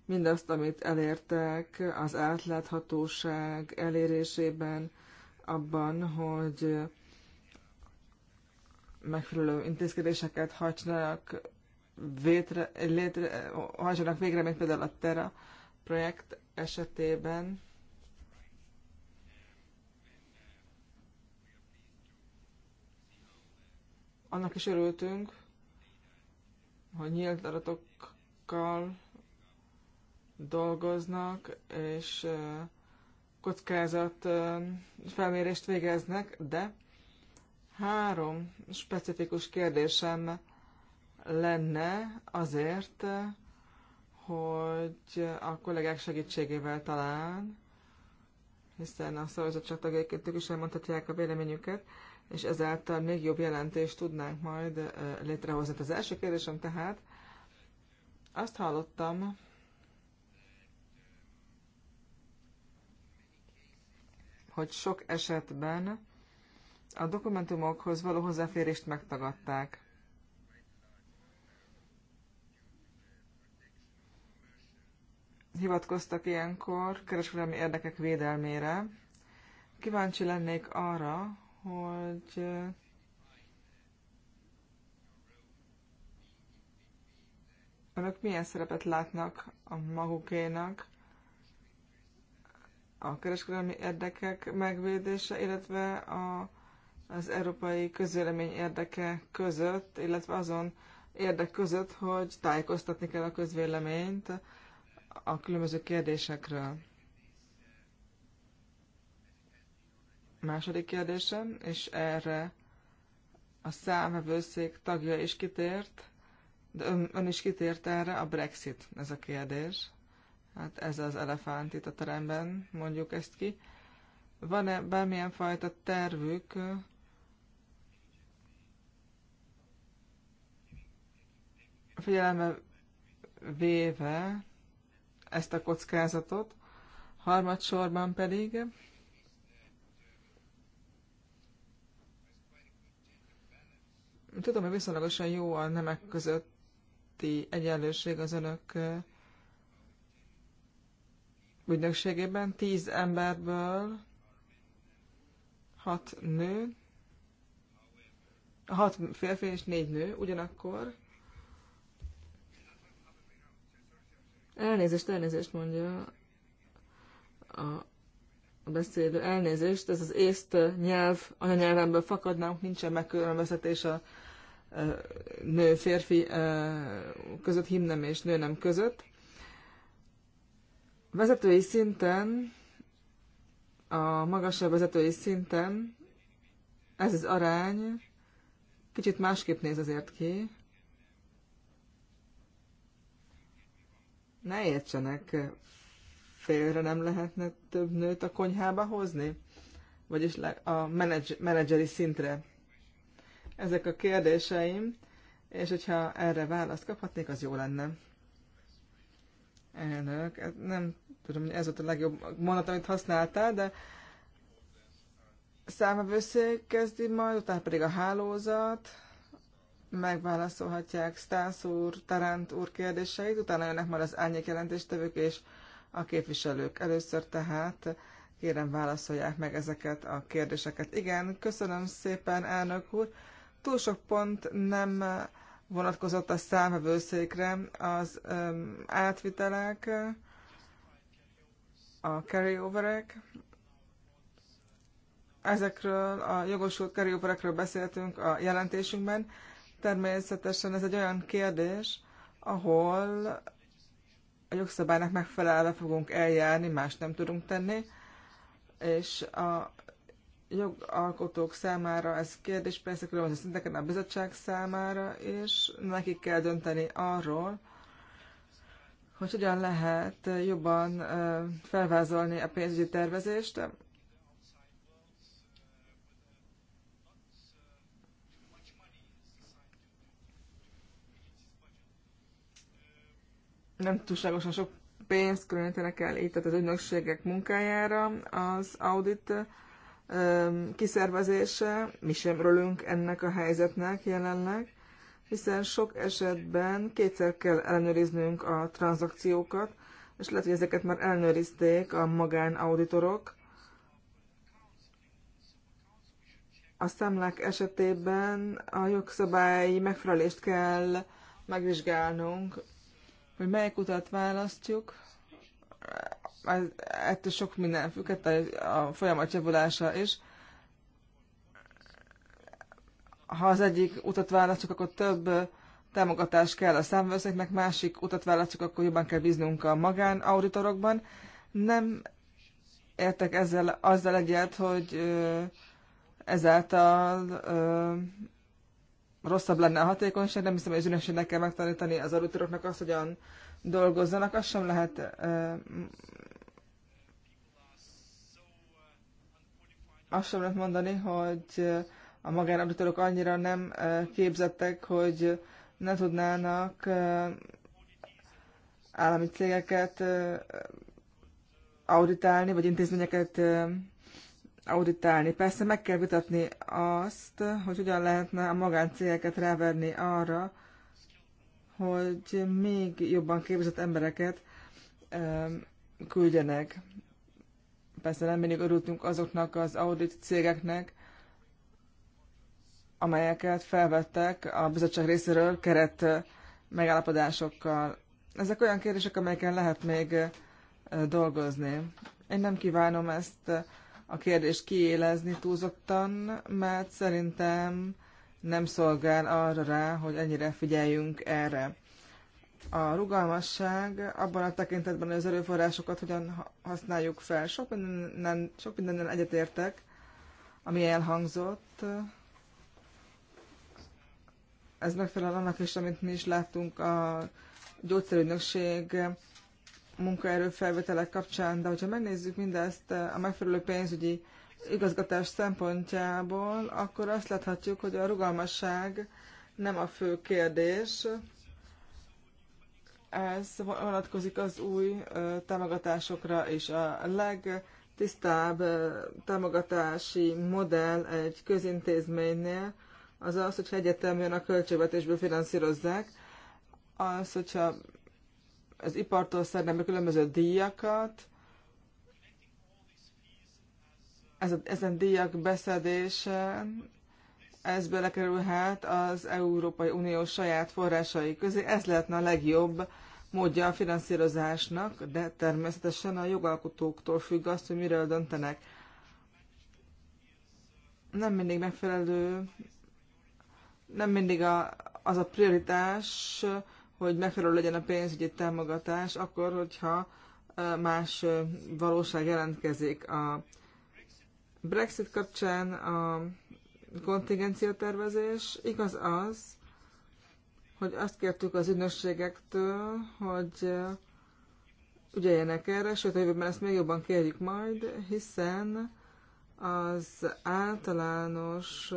Mindazt, amit elértek az átláthatóság elérésében, abban, hogy megfelelő intézkedéseket hagynak vétre, létre, hajtsanak végre, mint például a Terra projekt esetében. Annak is örültünk, hogy nyílt adatokkal dolgoznak, és kockázat felmérést végeznek, de három specifikus kérdésem lenne azért, hogy a kollégák segítségével talán, hiszen a szavazatság tagjaiként ők is elmondhatják a véleményüket, és ezáltal még jobb jelentést tudnánk majd létrehozni. Az első kérdésem tehát, azt hallottam, hogy sok esetben a dokumentumokhoz való hozzáférést megtagadták. hivatkoztak ilyenkor kereskedelmi érdekek védelmére. Kíváncsi lennék arra, hogy eh, önök milyen szerepet látnak a magukénak a kereskedelmi érdekek megvédése, illetve a, az európai közélemény érdeke között, illetve azon érdek között, hogy tájékoztatni kell a közvéleményt a különböző kérdésekről. Második kérdésem, és erre a számvevőszék tagja is kitért, de ön, ön is kitért erre, a Brexit ez a kérdés. Hát ez az elefánt itt a teremben, mondjuk ezt ki. Van-e bármilyen fajta tervük, figyelembe véve ezt a kockázatot. Harmadsorban pedig tudom, hogy viszonylagosan jó a nemek közötti egyenlőség az önök ügynökségében. Tíz emberből hat nő, hat férfi és négy nő, ugyanakkor Elnézést, elnézést mondja a beszélő. Elnézést, ez az észt nyelv, anyanyelvemből fakadnánk, nincsen megkülönböztetés a e, nő-férfi e, között, himnem és nőnem között. Vezetői szinten, a magasabb vezetői szinten ez az arány kicsit másképp néz azért ki, ne értsenek félre, nem lehetne több nőt a konyhába hozni? Vagyis a menedzseri szintre? Ezek a kérdéseim, és hogyha erre választ kaphatnék, az jó lenne. Elnök, hát nem tudom, hogy ez volt a legjobb mondat, amit használtál, de számvevőszék kezdi majd, utána pedig a hálózat, megválaszolhatják Stász úr, Tarant úr kérdéseit, utána jönnek majd az árnyék jelentéstevők és a képviselők. Először tehát kérem válaszolják meg ezeket a kérdéseket. Igen, köszönöm szépen, elnök úr. Túl sok pont nem vonatkozott a számvevőszékre, az um, átvitelek, a carryoverek. Ezekről a jogosult carryoverekről beszéltünk a jelentésünkben. Természetesen ez egy olyan kérdés, ahol a jogszabálynak megfelelve fogunk eljárni, más nem tudunk tenni, és a jogalkotók számára ez kérdés, persze különböző szinteken a bizottság számára, és nekik kell dönteni arról, hogy hogyan lehet jobban felvázolni a pénzügyi tervezést, nem túlságosan sok pénzt különítenek el itt, tehát az ügynökségek munkájára az audit kiszervezése, mi sem rölünk ennek a helyzetnek jelenleg, hiszen sok esetben kétszer kell ellenőriznünk a tranzakciókat, és lehet, hogy ezeket már ellenőrizték a magánauditorok. A számlák esetében a jogszabályi megfelelést kell megvizsgálnunk, hogy melyik utat választjuk, ettől sok minden függ, a folyamat javulása is. Ha az egyik utat választjuk, akkor több támogatás kell a számvőszéknek, másik utat választjuk, akkor jobban kell bíznunk a magánauditorokban. Nem értek ezzel azzal egyet, hogy ezáltal rosszabb lenne a hatékonyság, nem hiszem, hogy az ügynökségnek kell megtanítani az auditoroknak azt, hogyan dolgozzanak, azt sem lehet azt sem lehet mondani, hogy a magánauditorok annyira nem képzettek, hogy ne tudnának állami cégeket auditálni, vagy intézményeket auditálni. Persze meg kell vitatni azt, hogy hogyan lehetne a magáncégeket ráverni arra, hogy még jobban képzett embereket küldjenek. Persze nem mindig örültünk azoknak az audit cégeknek, amelyeket felvettek a bizottság részéről keret eh, megállapodásokkal. Ezek olyan kérdések, amelyeken lehet még eh, dolgozni. Én nem kívánom ezt eh, a kérdést kiélezni túlzottan, mert szerintem nem szolgál arra rá, hogy ennyire figyeljünk erre. A rugalmasság abban a tekintetben, hogy az erőforrásokat hogyan használjuk fel. Sok mindennel, sok mindennel egyetértek, ami elhangzott. Ez megfelel annak is, amit mi is láttunk a gyógyszerügynökség munkaerőfelvételek kapcsán, de hogyha megnézzük mindezt eh, a megfelelő pénzügyi igazgatás szempontjából, akkor azt láthatjuk, hogy a rugalmasság nem a fő kérdés. Ez vonatkozik az új eh, támogatásokra is. A legtisztább eh, támogatási modell egy közintézménynél az az, hogyha jön a költségvetésből finanszírozzák, az, hogyha az ipartól szednem be különböző díjakat, ez, ezen díjak beszedése, ez belekerülhet az Európai Unió saját forrásai közé. Ez lehetne a legjobb módja a finanszírozásnak, de természetesen a jogalkotóktól függ azt, hogy miről döntenek. Nem mindig megfelelő, nem mindig a, az a prioritás, hogy megfelelő legyen a pénzügyi támogatás, akkor, hogyha más valóság jelentkezik. A Brexit kapcsán a kontingencia tervezés igaz az, hogy azt kértük az ügynökségektől, hogy ügyeljenek erre, sőt, a jövőben ezt még jobban kérjük majd, hiszen az általános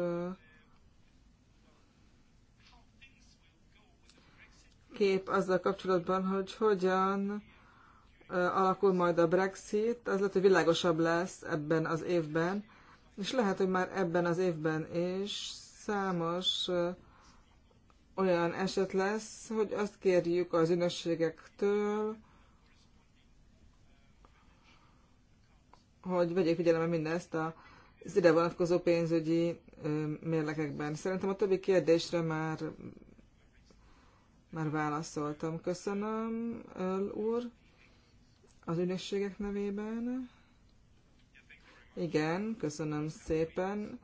kép azzal kapcsolatban, hogy hogyan alakul majd a Brexit, az lehet, hogy világosabb lesz ebben az évben, és lehet, hogy már ebben az évben is számos olyan eset lesz, hogy azt kérjük az ünösségektől, hogy vegyék figyelembe mindezt az ide vonatkozó pénzügyi mérlekekben. Szerintem a többi kérdésre már már válaszoltam. Köszönöm, Öl úr, az ügynökségek nevében. Igen, köszönöm szépen.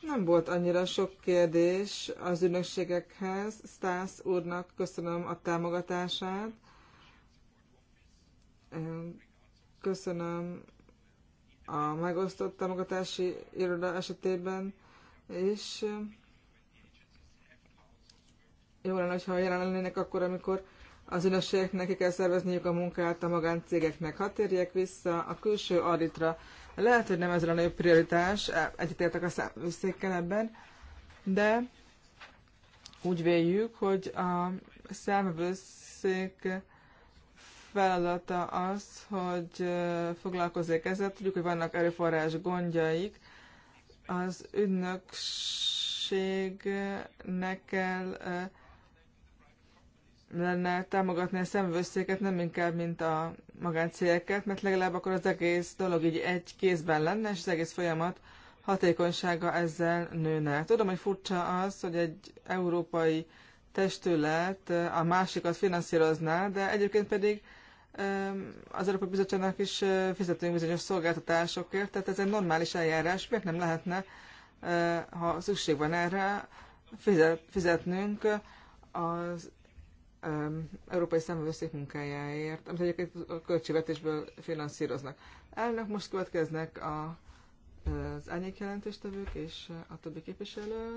Nem volt annyira sok kérdés az ügynökségekhez. Stász úrnak köszönöm a támogatását. Köszönöm a megosztott támogatási iroda esetében, és jó lenne, ha jelen lennének akkor, amikor az ügynökségeknek ki kell szervezniük a munkát a magáncégeknek. Ha térjek vissza a külső auditra. Lehet, hogy nem ez lenne a prioritás, e, egyetértek a számszékkel ebben, de úgy véljük, hogy a számvőszék feladata az, hogy foglalkozzék ezzel. Tudjuk, hogy vannak erőforrás gondjaik. Az ügynökségnek kell uh, lenne támogatni a szemvőszéket, nem inkább, mint a magáncégeket, mert legalább akkor az egész dolog így egy kézben lenne, és az egész folyamat hatékonysága ezzel nőne. Tudom, hogy furcsa az, hogy egy európai testület a másikat finanszírozná, de egyébként pedig az Európai Bizottságnak is fizetünk bizonyos szolgáltatásokért, tehát ez egy normális eljárás, miért nem lehetne, ha szükség van erre, fizetnünk az Európai Számvevőszék munkájáért, amit egyébként a költségvetésből finanszíroznak. Elnök most következnek a, az ányék jelentéstevők és a többi képviselő.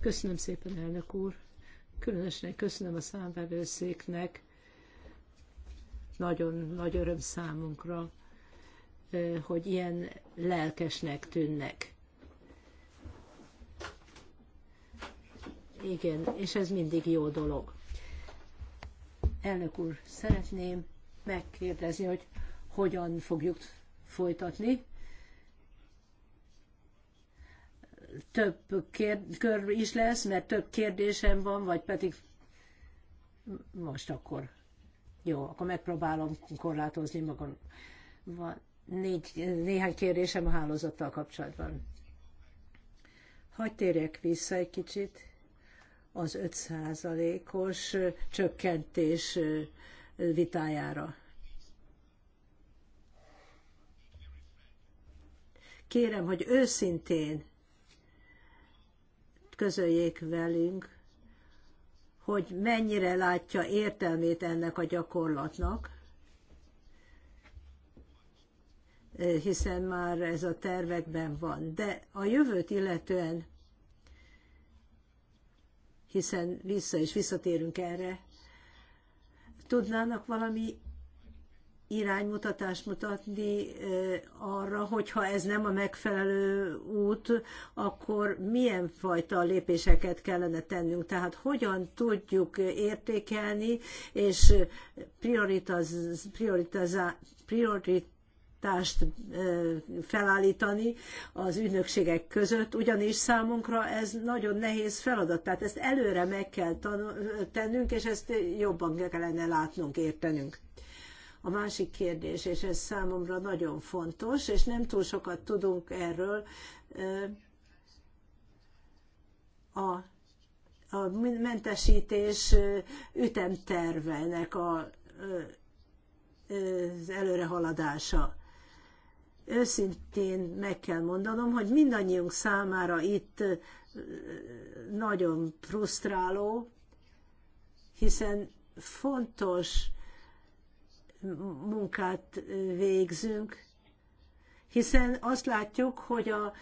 Köszönöm szépen, elnök úr. Különösen köszönöm a számvevőszéknek. Nagyon nagy öröm számunkra, eh, hogy ilyen lelkesnek tűnnek Igen, és ez mindig jó dolog. Elnök úr, szeretném megkérdezni, hogy hogyan fogjuk folytatni. Több kér- kör is lesz, mert több kérdésem van, vagy pedig most akkor. Jó, akkor megpróbálom korlátozni magam. Van négy, néhány kérdésem a hálózattal kapcsolatban. Hagy térjek vissza egy kicsit az 5%-os csökkentés vitájára. Kérem, hogy őszintén közöljék velünk, hogy mennyire látja értelmét ennek a gyakorlatnak, hiszen már ez a tervekben van. De a jövőt illetően hiszen vissza és visszatérünk erre. Tudnának valami iránymutatást mutatni eh, arra, hogyha ez nem a megfelelő út, akkor milyen fajta lépéseket kellene tennünk. Tehát hogyan tudjuk értékelni és prioritizálni tást felállítani az ügynökségek között, ugyanis számunkra ez nagyon nehéz feladat, tehát ezt előre meg kell tennünk, és ezt jobban kellene látnunk, értenünk. A másik kérdés, és ez számomra nagyon fontos, és nem túl sokat tudunk erről, a, a mentesítés ütemtervenek a, az előrehaladása Őszintén meg kell mondanom, hogy mindannyiunk számára itt nagyon frusztráló, hiszen fontos munkát végzünk, hiszen azt látjuk, hogy a,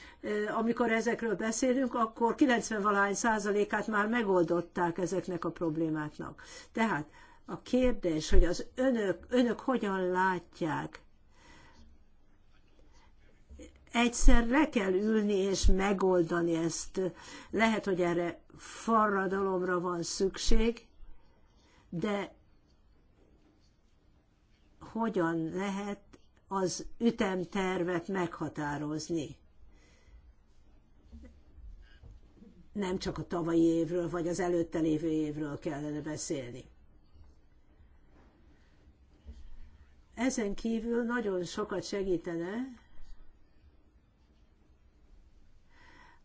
amikor ezekről beszélünk, akkor 90-valahány százalékát már megoldották ezeknek a problémáknak. Tehát a kérdés, hogy az önök, önök hogyan látják egyszer le kell ülni és megoldani ezt. Lehet, hogy erre forradalomra van szükség, de hogyan lehet az ütemtervet meghatározni? Nem csak a tavalyi évről, vagy az előtte lévő évről kellene beszélni. Ezen kívül nagyon sokat segítene,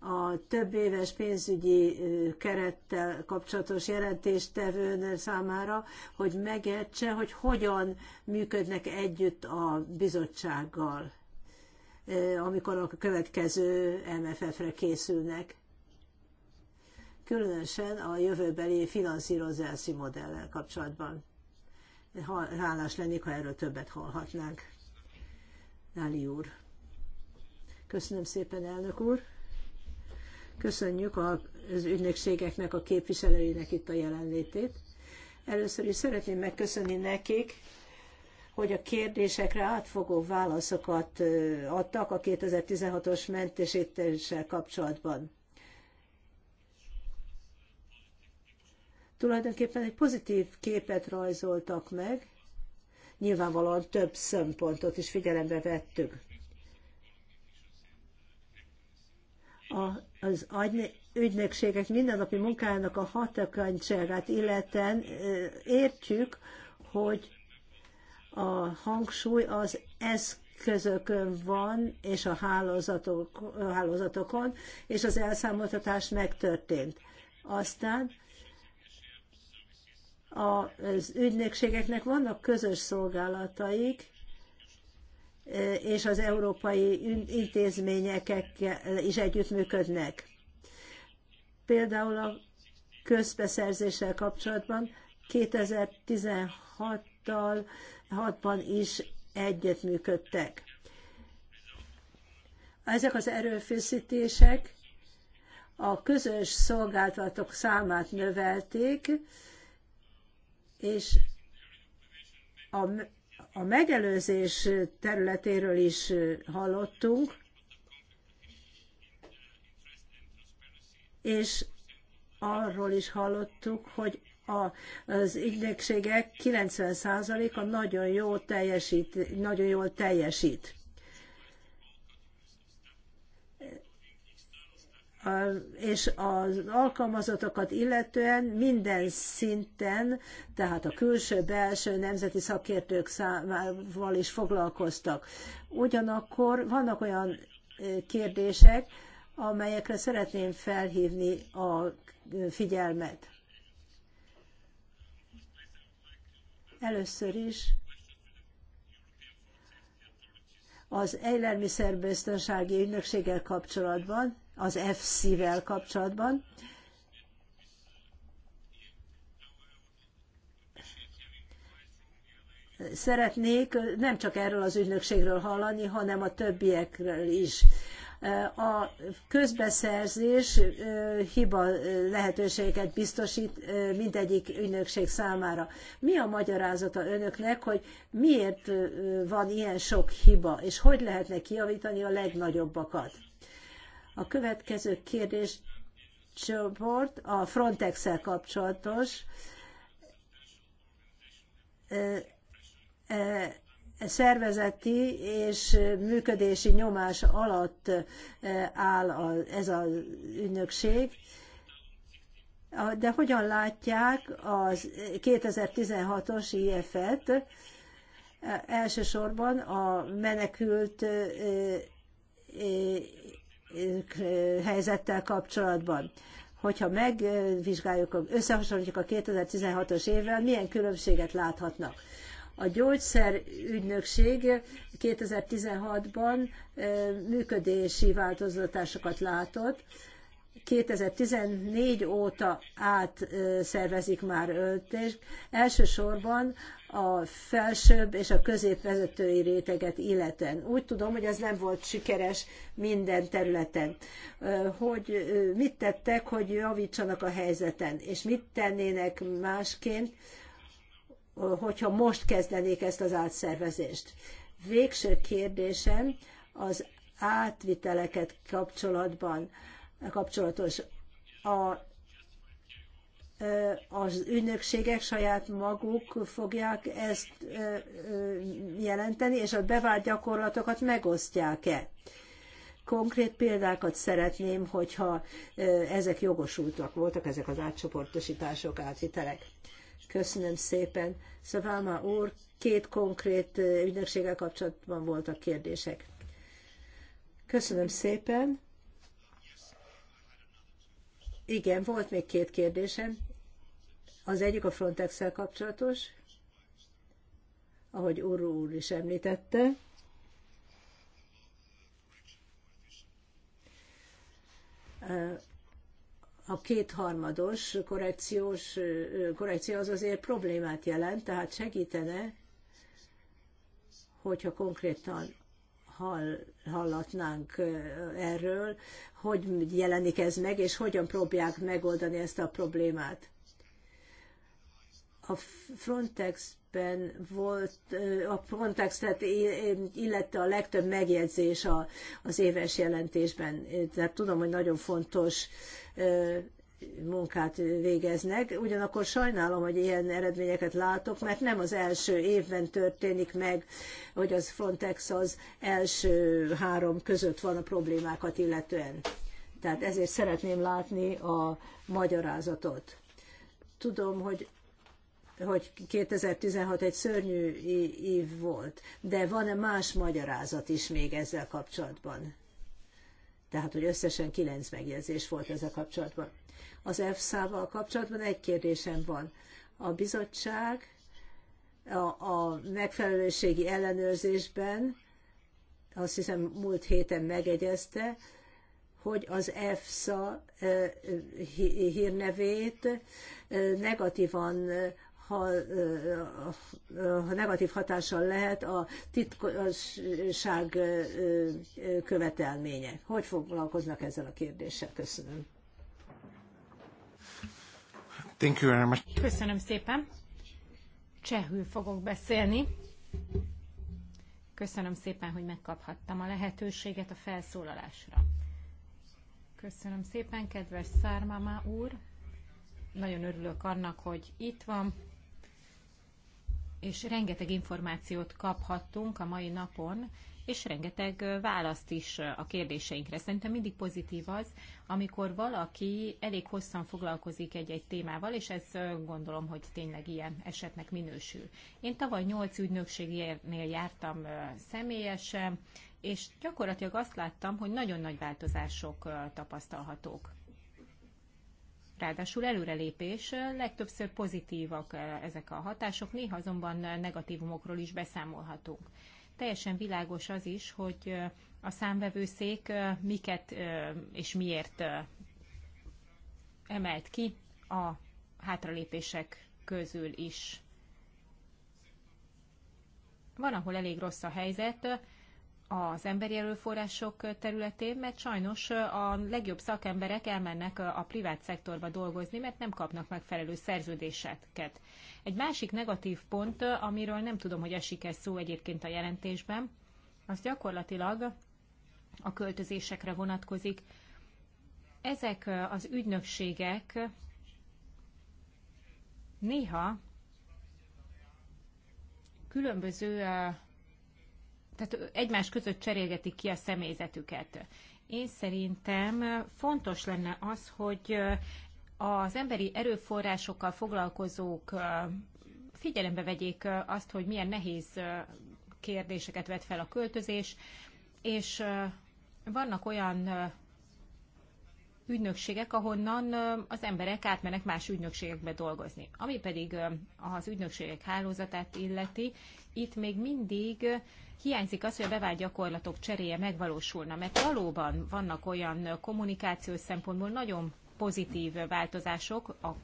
a több éves pénzügyi kerettel kapcsolatos jelentéstevőn számára, hogy megértse, hogy hogyan működnek együtt a bizottsággal, amikor a következő MFF-re készülnek, különösen a jövőbeli finanszírozási modellel kapcsolatban. Hálás lennék, ha erről többet hallhatnánk. Náli úr. Köszönöm szépen, elnök úr. Köszönjük az ügynökségeknek, a képviselőinek itt a jelenlétét. Először is szeretném megköszönni nekik, hogy a kérdésekre átfogó válaszokat adtak a 2016-os mentesítéssel kapcsolatban. Tulajdonképpen egy pozitív képet rajzoltak meg, nyilvánvalóan több szempontot is figyelembe vettük. A az ügynökségek mindennapi munkájának a hatakanyságát illeten értjük, hogy a hangsúly az eszközökön van, és a hálózatok, hálózatokon, és az elszámoltatás megtörtént. Aztán az ügynökségeknek vannak közös szolgálataik, és az európai intézményekkel is együttműködnek. Például a közbeszerzéssel kapcsolatban 2016-tal 6-ban is együttműködtek. Ezek az erőfeszítések a közös szolgáltatók számát növelték, és a a megelőzés területéről is hallottunk, és arról is hallottuk, hogy az ügynökségek 90%-a nagyon, jó teljesít, nagyon jól teljesít. és az alkalmazottakat illetően minden szinten, tehát a külső-belső nemzeti szakértők számával is foglalkoztak. Ugyanakkor vannak olyan kérdések, amelyekre szeretném felhívni a figyelmet. Először is az élelmiszerbiztonsági ügynökséggel kapcsolatban az FC-vel kapcsolatban. Szeretnék nem csak erről az ügynökségről hallani, hanem a többiekről is. A közbeszerzés hiba lehetőséget biztosít mindegyik ügynökség számára. Mi a magyarázata önöknek, hogy miért van ilyen sok hiba, és hogy lehetne kiavítani a legnagyobbakat? A következő kérdés csoport a Frontex-el kapcsolatos. E, szervezeti és működési nyomás alatt áll ez az ügynökség. De hogyan látják az 2016-os IF-et? Elsősorban a menekült helyzettel kapcsolatban. Hogyha megvizsgáljuk, összehasonlítjuk a 2016-os évvel, milyen különbséget láthatnak. A ügynökség 2016-ban működési változatásokat látott, 2014 óta átszervezik már öltést, elsősorban a felsőbb és a középvezetői réteget illetően. Úgy tudom, hogy ez nem volt sikeres minden területen. Hogy mit tettek, hogy javítsanak a helyzeten, és mit tennének másként, hogyha most kezdenék ezt az átszervezést. Végső kérdésem az átviteleket kapcsolatban kapcsolatos. A az ügynökségek saját maguk fogják ezt jelenteni, és a bevált gyakorlatokat megosztják-e. Konkrét példákat szeretném, hogyha ezek jogosultak voltak, ezek az átcsoportosítások, átvitelek. Köszönöm szépen. Szóval már úr, két konkrét ügynökséggel kapcsolatban voltak kérdések. Köszönöm szépen. Igen, volt még két kérdésem. Az egyik a frontex kapcsolatos, ahogy úr úr is említette. A kétharmados korrekciós, korrekció az azért problémát jelent, tehát segítene, hogyha konkrétan hall, hallatnánk erről, hogy jelenik ez meg, és hogyan próbálják megoldani ezt a problémát. A Frontexben volt, a Frontexet illette a legtöbb megjegyzés az éves jelentésben. Tehát tudom, hogy nagyon fontos munkát végeznek. Ugyanakkor sajnálom, hogy ilyen eredményeket látok, mert nem az első évben történik meg, hogy az Frontex az első három között van a problémákat illetően. Tehát ezért szeretném látni a magyarázatot. Tudom, hogy hogy 2016 egy szörnyű év volt, de van-e más magyarázat is még ezzel kapcsolatban? Tehát, hogy összesen kilenc megjegyzés volt ezzel kapcsolatban az EFSA-val kapcsolatban egy kérdésem van. A bizottság a, a megfelelőségi ellenőrzésben, azt hiszem múlt héten megegyezte, hogy az EFSA hírnevét negatívan ha, ha negatív hatással lehet a titkosság követelmények. Hogy foglalkoznak ezzel a kérdéssel? Köszönöm. Thank you very much. Köszönöm szépen. Csehül fogok beszélni. Köszönöm szépen, hogy megkaphattam a lehetőséget a felszólalásra. Köszönöm szépen, kedves Szármama úr. Nagyon örülök annak, hogy itt van, és rengeteg információt kaphattunk a mai napon és rengeteg választ is a kérdéseinkre. Szerintem mindig pozitív az, amikor valaki elég hosszan foglalkozik egy-egy témával, és ez gondolom, hogy tényleg ilyen esetnek minősül. Én tavaly nyolc ügynökségnél jártam személyesen, és gyakorlatilag azt láttam, hogy nagyon nagy változások tapasztalhatók. Ráadásul előrelépés, legtöbbször pozitívak ezek a hatások, néha azonban negatívumokról is beszámolhatunk teljesen világos az is, hogy a számvevőszék miket és miért emelt ki a hátralépések közül is. Van, ahol elég rossz a helyzet, az emberi erőforrások területén, mert sajnos a legjobb szakemberek elmennek a privát szektorba dolgozni, mert nem kapnak megfelelő szerződéseket. Egy másik negatív pont, amiről nem tudom, hogy esik-e szó egyébként a jelentésben, az gyakorlatilag a költözésekre vonatkozik. Ezek az ügynökségek néha különböző tehát egymás között cserélgetik ki a személyzetüket. Én szerintem fontos lenne az, hogy az emberi erőforrásokkal foglalkozók figyelembe vegyék azt, hogy milyen nehéz kérdéseket vet fel a költözés, és vannak olyan ügynökségek, ahonnan az emberek átmennek más ügynökségekbe dolgozni. Ami pedig az ügynökségek hálózatát illeti, itt még mindig hiányzik az, hogy a bevált gyakorlatok cseréje megvalósulna, mert valóban vannak olyan kommunikációs szempontból nagyon pozitív változások a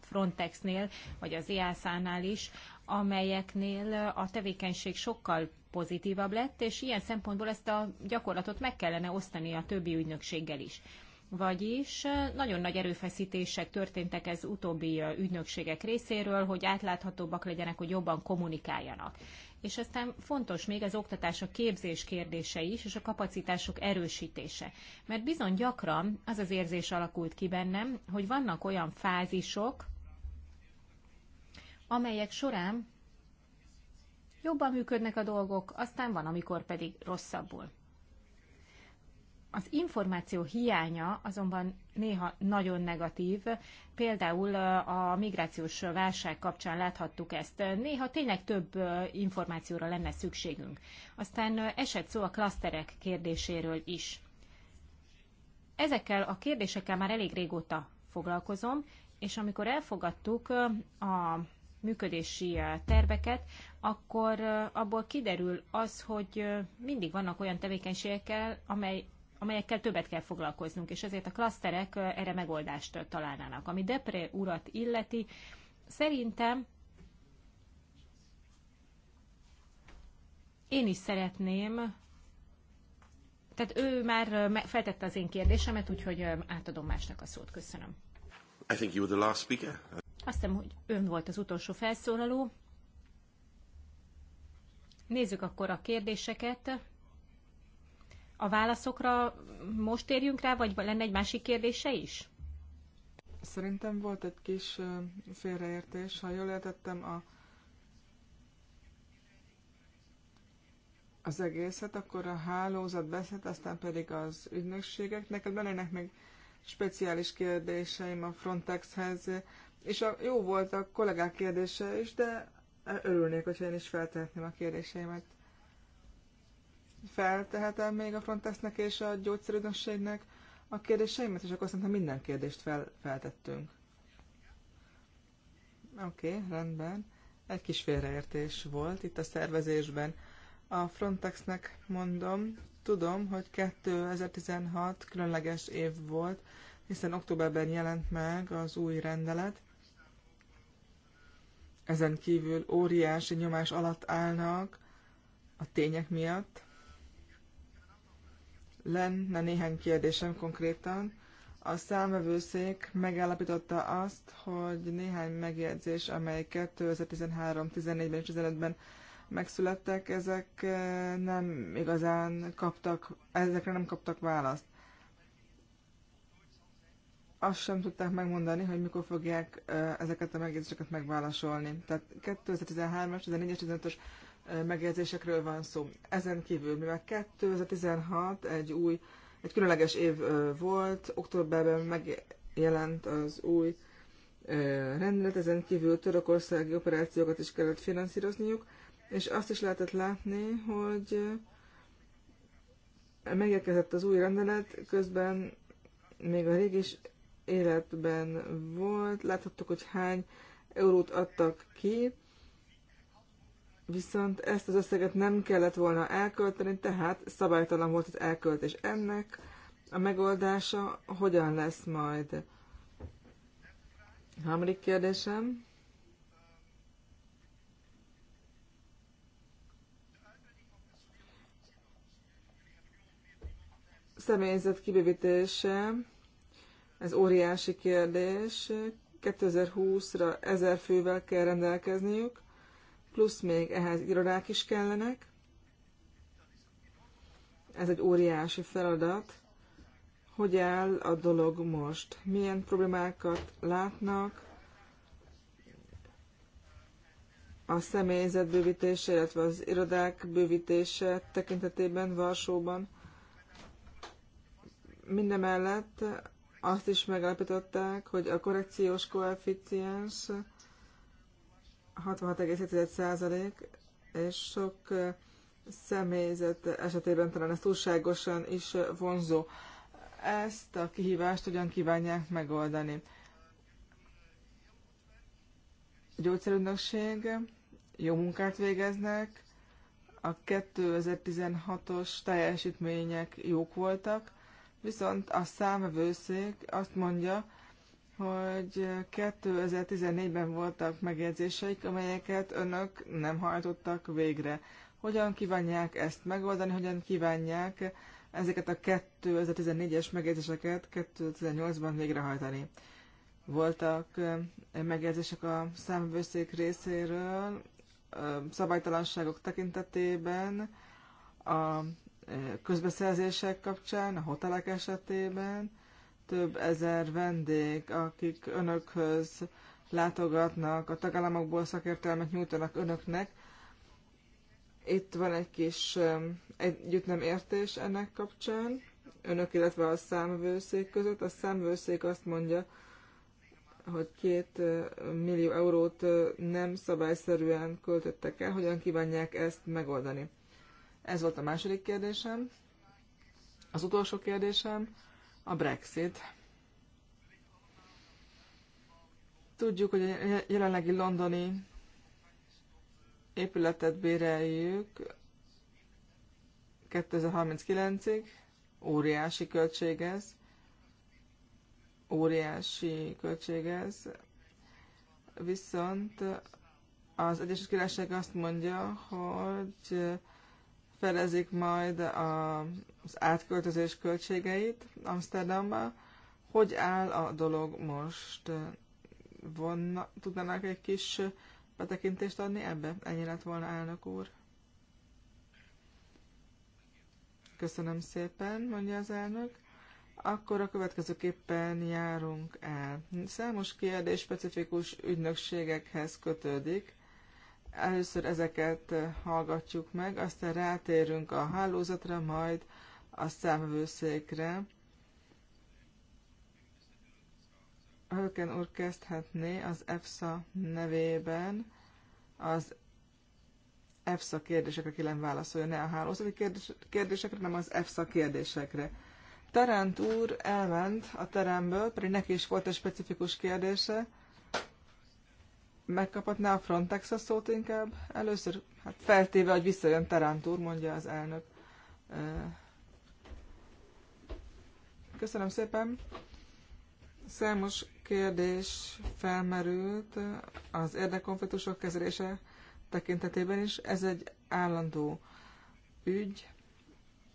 Frontexnél, vagy az EASA-nál is, amelyeknél a tevékenység sokkal pozitívabb lett, és ilyen szempontból ezt a gyakorlatot meg kellene osztani a többi ügynökséggel is. Vagyis nagyon nagy erőfeszítések történtek ez utóbbi ügynökségek részéről, hogy átláthatóbbak legyenek, hogy jobban kommunikáljanak. És aztán fontos még az oktatás, a képzés kérdése is, és a kapacitások erősítése. Mert bizony gyakran az az érzés alakult ki bennem, hogy vannak olyan fázisok, amelyek során jobban működnek a dolgok, aztán van, amikor pedig rosszabbul. Az információ hiánya azonban néha nagyon negatív, például a migrációs válság kapcsán láthattuk ezt. Néha tényleg több információra lenne szükségünk. Aztán esett szó a klaszterek kérdéséről is. Ezekkel a kérdésekkel már elég régóta foglalkozom, és amikor elfogadtuk a működési terveket, akkor abból kiderül az, hogy mindig vannak olyan tevékenységekkel, amely amelyekkel többet kell foglalkoznunk, és ezért a klaszterek erre megoldást találnának. Ami Depré urat illeti, szerintem én is szeretném, tehát ő már feltette az én kérdésemet, úgyhogy átadom másnak a szót. Köszönöm. I think you were the last speaker. Azt hiszem, hogy ön volt az utolsó felszólaló. Nézzük akkor a kérdéseket a válaszokra most térjünk rá, vagy lenne egy másik kérdése is? Szerintem volt egy kis félreértés, ha jól értettem a, az egészet, akkor a hálózat beszélt, aztán pedig az ügynökségek. Neked lennének még speciális kérdéseim a Frontexhez, és a, jó volt a kollégák kérdése is, de örülnék, hogyha én is feltehetném a kérdéseimet feltehetem még a Frontesznek és a gyógyszerűdösségnek a kérdéseimet, és akkor szerintem minden kérdést fel, feltettünk. Oké, okay, rendben. Egy kis félreértés volt itt a szervezésben. A Frontexnek mondom, tudom, hogy 2016 különleges év volt, hiszen októberben jelent meg az új rendelet. Ezen kívül óriási nyomás alatt állnak a tények miatt. Lenne néhány kérdésem konkrétan. A számvevőszék megállapította azt, hogy néhány megjegyzés, amely 2013, 14-ben és 15-ben megszülettek, ezek eh, nem igazán kaptak, ezekre nem kaptak választ. Azt sem tudták megmondani, hogy mikor fogják eh, ezeket a megjegyzéseket megválaszolni. Tehát 2013-as, 2014 es 2015 ös megjegyzésekről van szó. Ezen kívül, mivel 2016 egy új, egy különleges év volt, októberben megjelent az új rendelet, ezen kívül törökországi operációkat is kellett finanszírozniuk, és azt is lehetett látni, hogy megérkezett az új rendelet, közben még a régi is életben volt, láthattuk, hogy hány eurót adtak ki, viszont ezt az összeget nem kellett volna elkölteni, tehát szabálytalan volt az elköltés. Ennek a megoldása hogyan lesz majd? Hamrik kérdésem. Személyzet kibővítése, ez óriási kérdés. 2020-ra ezer fővel kell rendelkezniük plusz még ehhez irodák is kellenek. Ez egy óriási feladat. Hogy áll a dolog most? Milyen problémákat látnak? A személyzet bővítése, illetve az irodák bővítése tekintetében Varsóban. Mindemellett azt is megállapították, hogy a korrekciós koeficiens 66,7% és sok személyzet esetében talán ez túlságosan is vonzó. Ezt a kihívást hogyan kívánják megoldani? A gyógyszerügynökség jó munkát végeznek, a 2016-os teljesítmények jók voltak, viszont a számvevőszék azt mondja, hogy 2014-ben voltak megjegyzéseik, amelyeket önök nem hajtottak végre. Hogyan kívánják ezt megoldani, hogyan kívánják ezeket a 2014-es megjegyzéseket 2018-ban végrehajtani? Voltak eh, megjegyzések a számvőszék részéről, eh, szabálytalanságok tekintetében, a eh, közbeszerzések kapcsán, a hotelek esetében, több ezer vendég, akik önökhöz látogatnak, a tagállamokból szakértelmet nyújtanak önöknek. Itt van egy kis um, együtt nem értés ennek kapcsán, önök, illetve a számvőszék között. A számvőszék azt mondja, hogy két uh, millió eurót uh, nem szabályszerűen költöttek el, hogyan kívánják ezt megoldani. Ez volt a második kérdésem. Az utolsó kérdésem a Brexit. Tudjuk, hogy a jelenlegi londoni épületet béreljük 2039-ig, óriási költség ez, óriási költség ez, viszont az Egyesült Királyság azt mondja, hogy felezik majd a, az átköltözés költségeit Amsterdamba. Hogy áll a dolog most? Vonna, tudnának egy kis betekintést adni ebbe? Ennyi lett volna, elnök úr. Köszönöm szépen, mondja az elnök. Akkor a következőképpen járunk el. Számos kérdés specifikus ügynökségekhez kötődik Először ezeket hallgatjuk meg, aztán rátérünk a hálózatra, majd a számvevőszékre. Hölken úr kezdhetné az EFSA nevében az EFSA kérdésekre kérem válaszolja, ne a hálózati kérdés, kérdésekre, nem az EFSA kérdésekre. Terent úr elment a teremből, pedig neki is volt egy specifikus kérdése. Megkaphatná a Frontex a szót inkább először? Hát feltéve, hogy visszajön Tarántúr, mondja az elnök. Köszönöm szépen. Számos kérdés felmerült az érdekkonfliktusok kezelése tekintetében is. Ez egy állandó ügy.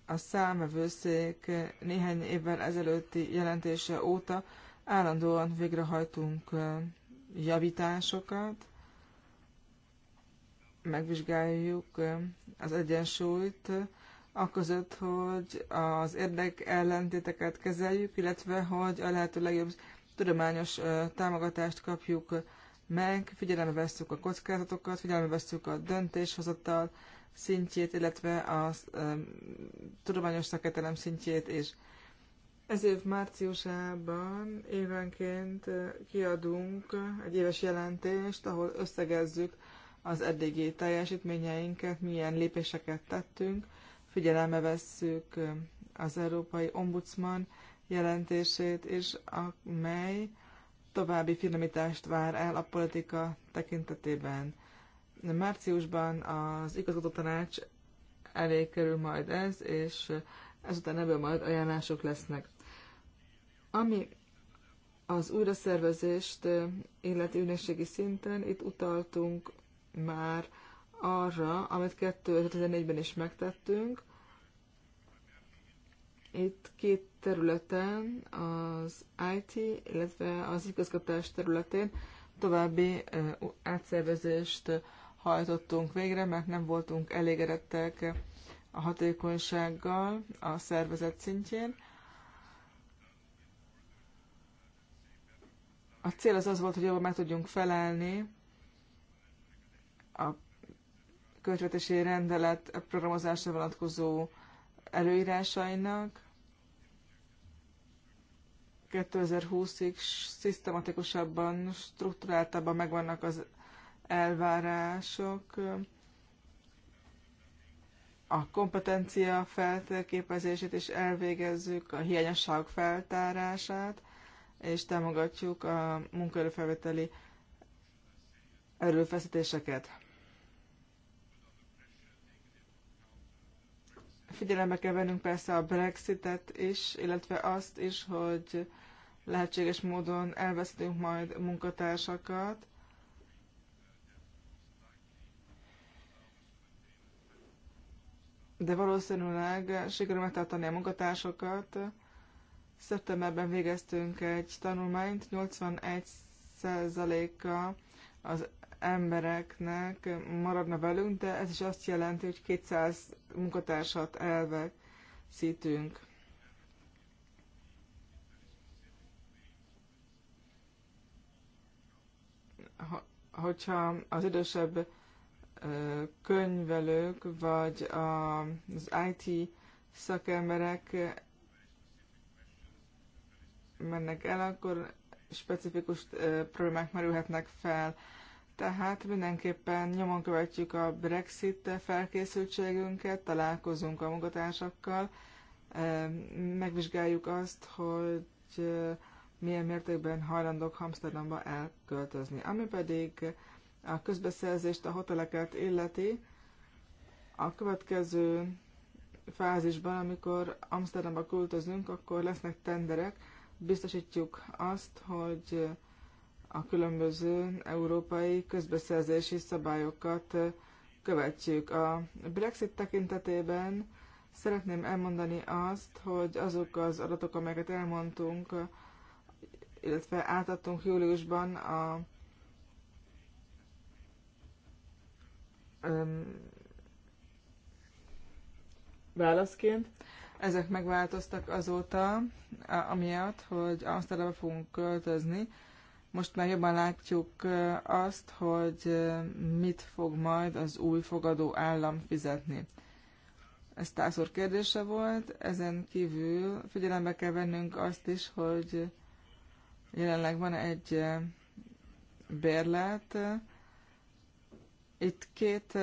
A számvevőszék néhány évvel ezelőtti jelentése óta állandóan végrehajtunk javításokat, megvizsgáljuk az egyensúlyt, aközött, hogy az érdek ellentéteket kezeljük, illetve hogy a lehető legjobb tudományos támogatást kapjuk meg, figyelembe vesszük a kockázatokat, figyelembe vesszük a döntéshozatal szintjét, illetve a tudományos szakértelem szintjét is. Ez év márciusában évenként kiadunk egy éves jelentést, ahol összegezzük az eddigi teljesítményeinket, milyen lépéseket tettünk, figyelembe vesszük az Európai Ombudsman jelentését, és amely további finomítást vár el a politika tekintetében. Márciusban az igazgató tanács elé kerül majd ez, és ezután ebből majd ajánlások lesznek. Ami az újraszervezést illeti ügynökségi szinten, itt utaltunk már arra, amit 2014-ben is megtettünk. Itt két területen, az IT, illetve az igazgatás területén további átszervezést hajtottunk végre, mert nem voltunk elégedettek a hatékonysággal a szervezet szintjén. A cél az az volt, hogy jobban meg tudjunk felelni a költvetési rendelet programozásra vonatkozó előírásainak. 2020-ig szisztematikusabban, struktúráltabban megvannak az elvárások, a kompetencia feltérképezését is elvégezzük, a hiányosság feltárását, és támogatjuk a munkaerőfelvételi erőfeszítéseket. Figyelembe kell vennünk persze a Brexitet is, illetve azt is, hogy lehetséges módon elveszítünk majd munkatársakat. De valószínűleg sikerül megtartani a munkatársakat, Szeptemberben végeztünk egy tanulmányt, 81%-a az embereknek maradna velünk, de ez is azt jelenti, hogy 200 munkatársat elveszítünk. Hogyha az idősebb könyvelők vagy az IT szakemberek mennek el, akkor specifikus problémák merülhetnek fel. Tehát mindenképpen nyomon követjük a Brexit felkészültségünket, találkozunk a munkatársakkal, megvizsgáljuk azt, hogy milyen mértékben hajlandók Amsterdamba elköltözni. Ami pedig a közbeszerzést, a hoteleket illeti, a következő fázisban, amikor Amsterdamba költözünk, akkor lesznek tenderek, biztosítjuk azt, hogy a különböző európai közbeszerzési szabályokat követjük. A Brexit tekintetében szeretném elmondani azt, hogy azok az adatok, amelyeket elmondtunk, illetve átadtunk júliusban a válaszként, ezek megváltoztak azóta, amiatt, hogy Amsterdamba fogunk költözni. Most már jobban látjuk azt, hogy mit fog majd az új fogadó állam fizetni. Ez tászor kérdése volt, ezen kívül figyelembe kell vennünk azt is, hogy jelenleg van egy bérlet. Itt két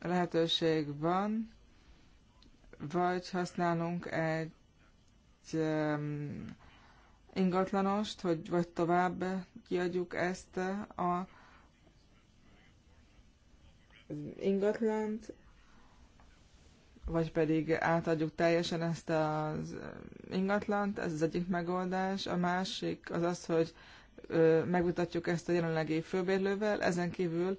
lehetőség van vagy használunk egy ingatlanost, hogy vagy tovább kiadjuk ezt a ingatlant, vagy pedig átadjuk teljesen ezt az ingatlant, ez az egyik megoldás. A másik az az, hogy megmutatjuk ezt a jelenlegi főbérlővel, ezen kívül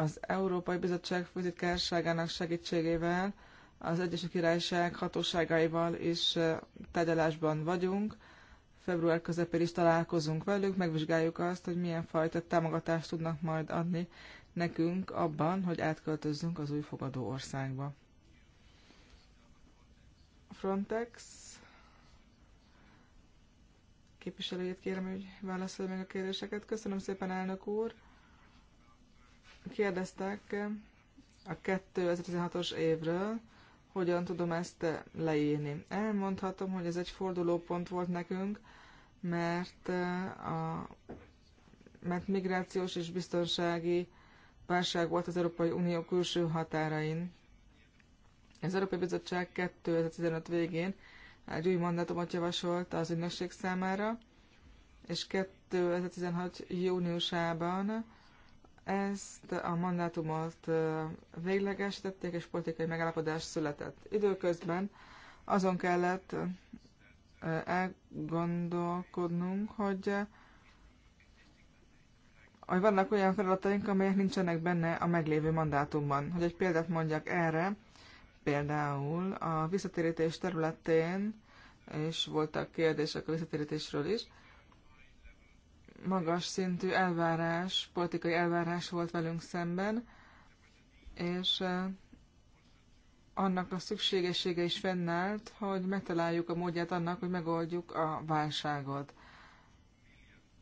az Európai Bizottság főtitkárságának segítségével, az Egyesült Királyság hatóságaival is tegyelásban vagyunk. Február közepén is találkozunk velük, megvizsgáljuk azt, hogy milyen fajta támogatást tudnak majd adni nekünk abban, hogy átköltözzünk az új fogadó országba. Frontex képviselőjét kérem, hogy válaszolja meg a kérdéseket. Köszönöm szépen, elnök úr! Kérdeztek a 2016-os évről, hogyan tudom ezt leírni. Elmondhatom, hogy ez egy fordulópont volt nekünk, mert, eh, a, mert migrációs és biztonsági válság volt az Európai Unió külső határain. Az Európai Bizottság 2015 végén egy új mandátumot javasolt az ügynökség számára, és 2016 júniusában ezt a mandátumot véglegesítették, és politikai megállapodás született. Időközben azon kellett elgondolkodnunk, hogy, hogy vannak olyan feladataink, amelyek nincsenek benne a meglévő mandátumban. Hogy egy példát mondjak erre, például a visszatérítés területén, és voltak kérdések a visszatérítésről is, magas szintű elvárás, politikai elvárás volt velünk szemben, és annak a szükségessége is fennállt, hogy megtaláljuk a módját annak, hogy megoldjuk a válságot.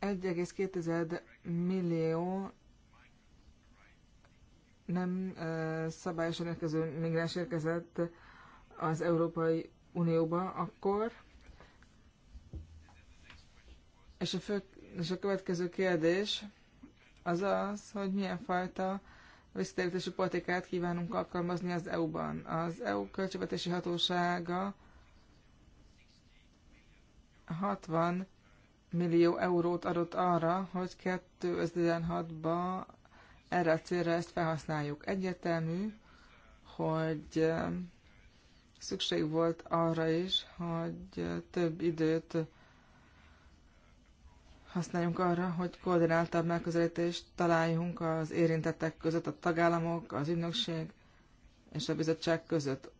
1,2 millió nem szabályosan érkező migráns érkezett az Európai Unióba akkor, és a fő és a következő kérdés az az, hogy milyen fajta visszatérítési politikát kívánunk alkalmazni az EU-ban. Az EU költségvetési hatósága 60 millió eurót adott arra, hogy 2016 ba erre a célra ezt felhasználjuk. Egyetemű, hogy eh, szükség volt arra is, hogy eh, több időt használjunk arra, hogy koordináltabb megközelítést találjunk az érintettek között, a tagállamok, az ügynökség és a bizottság között.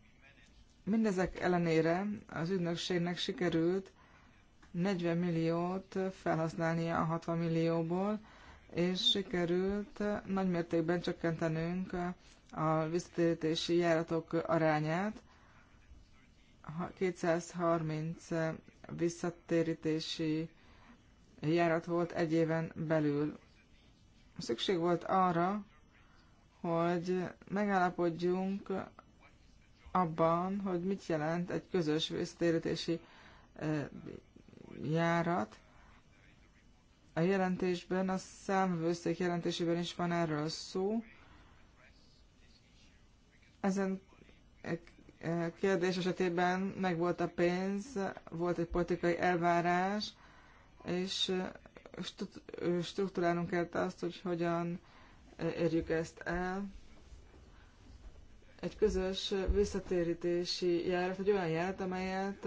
Mindezek ellenére az ügynökségnek sikerült 40 milliót felhasználnia a 60 millióból, és sikerült nagymértékben csökkentenünk a visszatérítési járatok arányát. 230 visszatérítési járat volt egy éven belül. Szükség volt arra, hogy megállapodjunk abban, hogy mit jelent egy közös visszatérítési járat. A jelentésben, a számvőszék jelentésében is van erről szó. Ezen e, e, kérdés esetében meg volt a pénz, volt egy politikai elvárás, és struktúrálnunk kell azt, hogy hogyan érjük ezt el. Egy közös visszatérítési járat, egy olyan járat, amelyet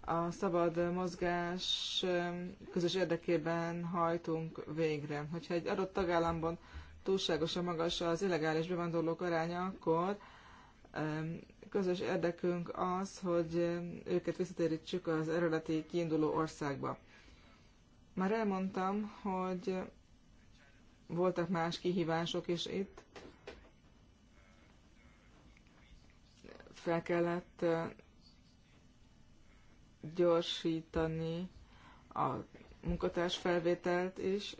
a szabad mozgás közös érdekében hajtunk végre. Hogyha egy adott tagállamban túlságosan magas az illegális bevándorlók aránya, akkor közös érdekünk az, hogy őket visszatérítsük az eredeti kiinduló országba. Már elmondtam, hogy voltak más kihívások is itt. Fel kellett gyorsítani a munkatárs felvételt is.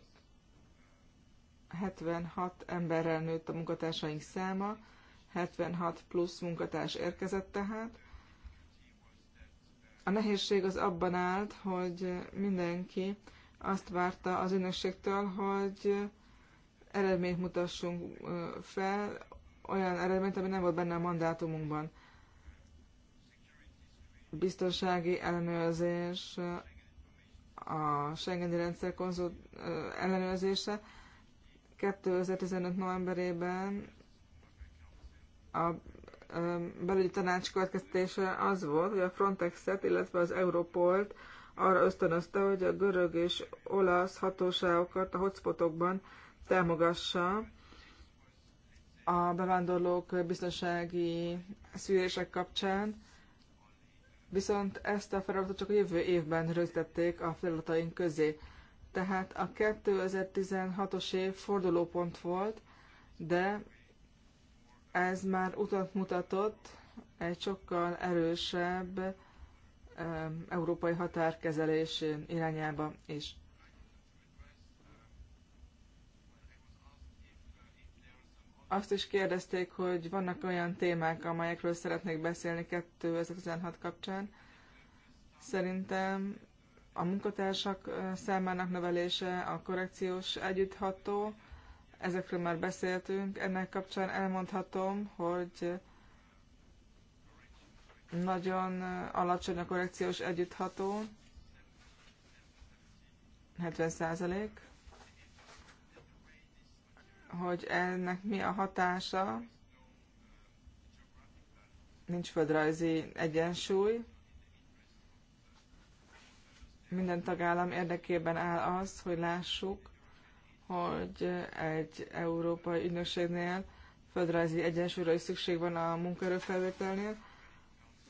76 emberrel nőtt a munkatársaink száma, 76 plusz munkatárs érkezett tehát. A nehézség az abban állt, hogy mindenki azt várta az ünnepségtől, hogy eredményt mutassunk fel, olyan eredményt, ami nem volt benne a mandátumunkban. Biztonsági ellenőrzés, a Schengeni rendszer konzult ellenőrzése 2015. novemberében a belügyi tanács következtése az volt, hogy a Frontexet, illetve az Europolt arra ösztönözte, hogy a görög és olasz hatóságokat a hotspotokban támogassa a bevándorlók biztonsági szűrések kapcsán, viszont ezt a feladatot csak a jövő évben rögzítették a feladataink közé. Tehát a 2016-os év fordulópont volt, de ez már utat mutatott egy sokkal erősebb európai határkezelés irányába is. Azt is kérdezték, hogy vannak olyan témák, amelyekről szeretnék beszélni 2016 kapcsán. Szerintem a munkatársak számának növelése, a korrekciós együttható, ezekről már beszéltünk. Ennek kapcsán elmondhatom, hogy nagyon alacsony a korrekciós együttható, 70 százalék, hogy ennek mi a hatása, nincs földrajzi egyensúly, minden tagállam érdekében áll az, hogy lássuk, hogy egy európai ügynökségnél földrajzi egyensúlyra is szükség van a munkaerőfelvételnél,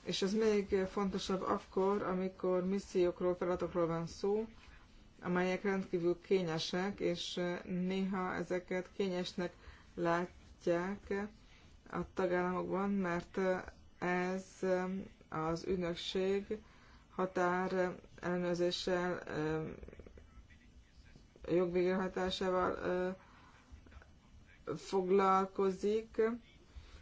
és ez még fontosabb akkor, amikor missziókról, feladatokról van szó, amelyek rendkívül kényesek, és néha ezeket kényesnek látják a tagállamokban, mert ez az ügynökség határ ellenőrzéssel, jogvégrehajtásával foglalkozik.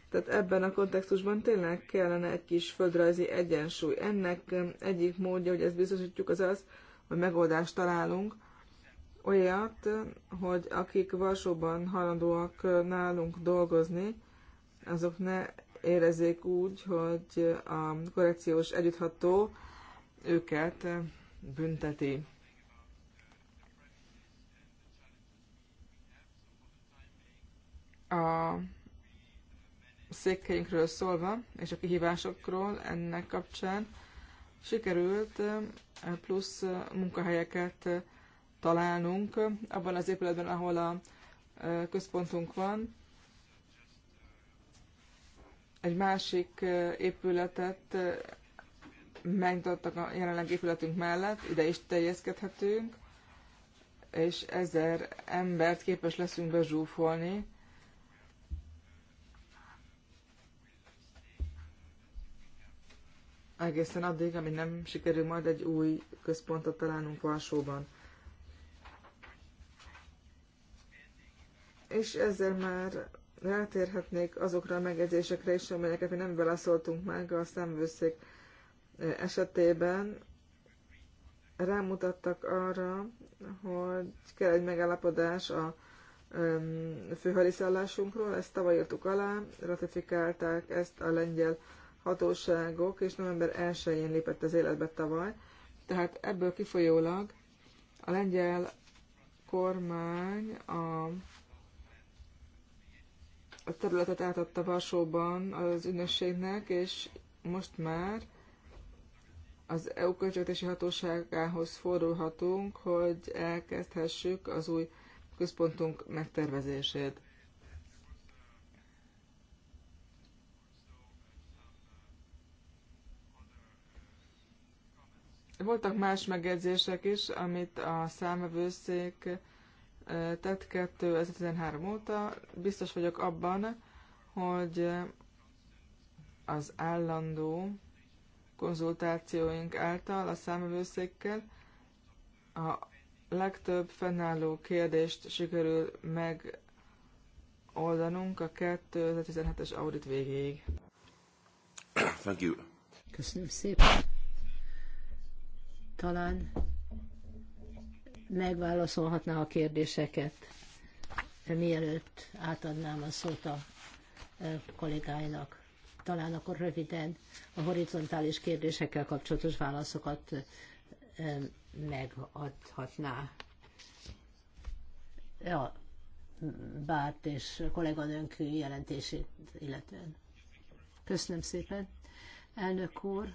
Tehát ebben a kontextusban tényleg kellene egy kis földrajzi egyensúly. Ennek egyik módja, hogy ezt biztosítjuk, az az, hogy megoldást találunk, olyat, hogy akik Varsóban halandóak nálunk dolgozni, azok ne érezzék úgy, hogy a korrekciós együttható őket bünteti. a székhelyünkről szólva, és a kihívásokról ennek kapcsán sikerült eh, plusz munkahelyeket eh, találnunk abban az épületben, ahol a eh, központunk van. Egy másik épületet megnyitottak a jelenleg épületünk mellett, ide is teljeszkedhetünk, és ezer embert képes leszünk bezsúfolni egészen addig, amíg nem sikerül majd egy új központot találnunk Varsóban. És ezzel már rátérhetnék azokra a megjegyzésekre is, amelyeket mi nem beleszóltunk meg a szemvőszék esetében. Rámutattak arra, hogy kell egy megállapodás a főhariszállásunkról, ezt tavaly írtuk alá, ratifikálták ezt a lengyel hatóságok, és november 1-én lépett az életbe tavaly. Tehát ebből kifolyólag a lengyel kormány a, a területet átadta Varsóban az ünnepségnek és most már az EU költségvetési hatóságához fordulhatunk, hogy elkezdhessük az új központunk megtervezését. Voltak más megjegyzések is, amit a számvevőszék tett 2013 óta. Biztos vagyok abban, hogy az állandó konzultációink által a számvevőszékkel a legtöbb fennálló kérdést sikerül megoldanunk a 2017-es audit végéig. Thank you. Köszönöm szépen talán megválaszolhatná a kérdéseket, mielőtt átadnám a szót a e, kollégáinak. Talán akkor röviden a horizontális kérdésekkel kapcsolatos válaszokat e, megadhatná. Ja, Bárt és kolléganőnk jelentését illetően. Köszönöm szépen. Elnök úr,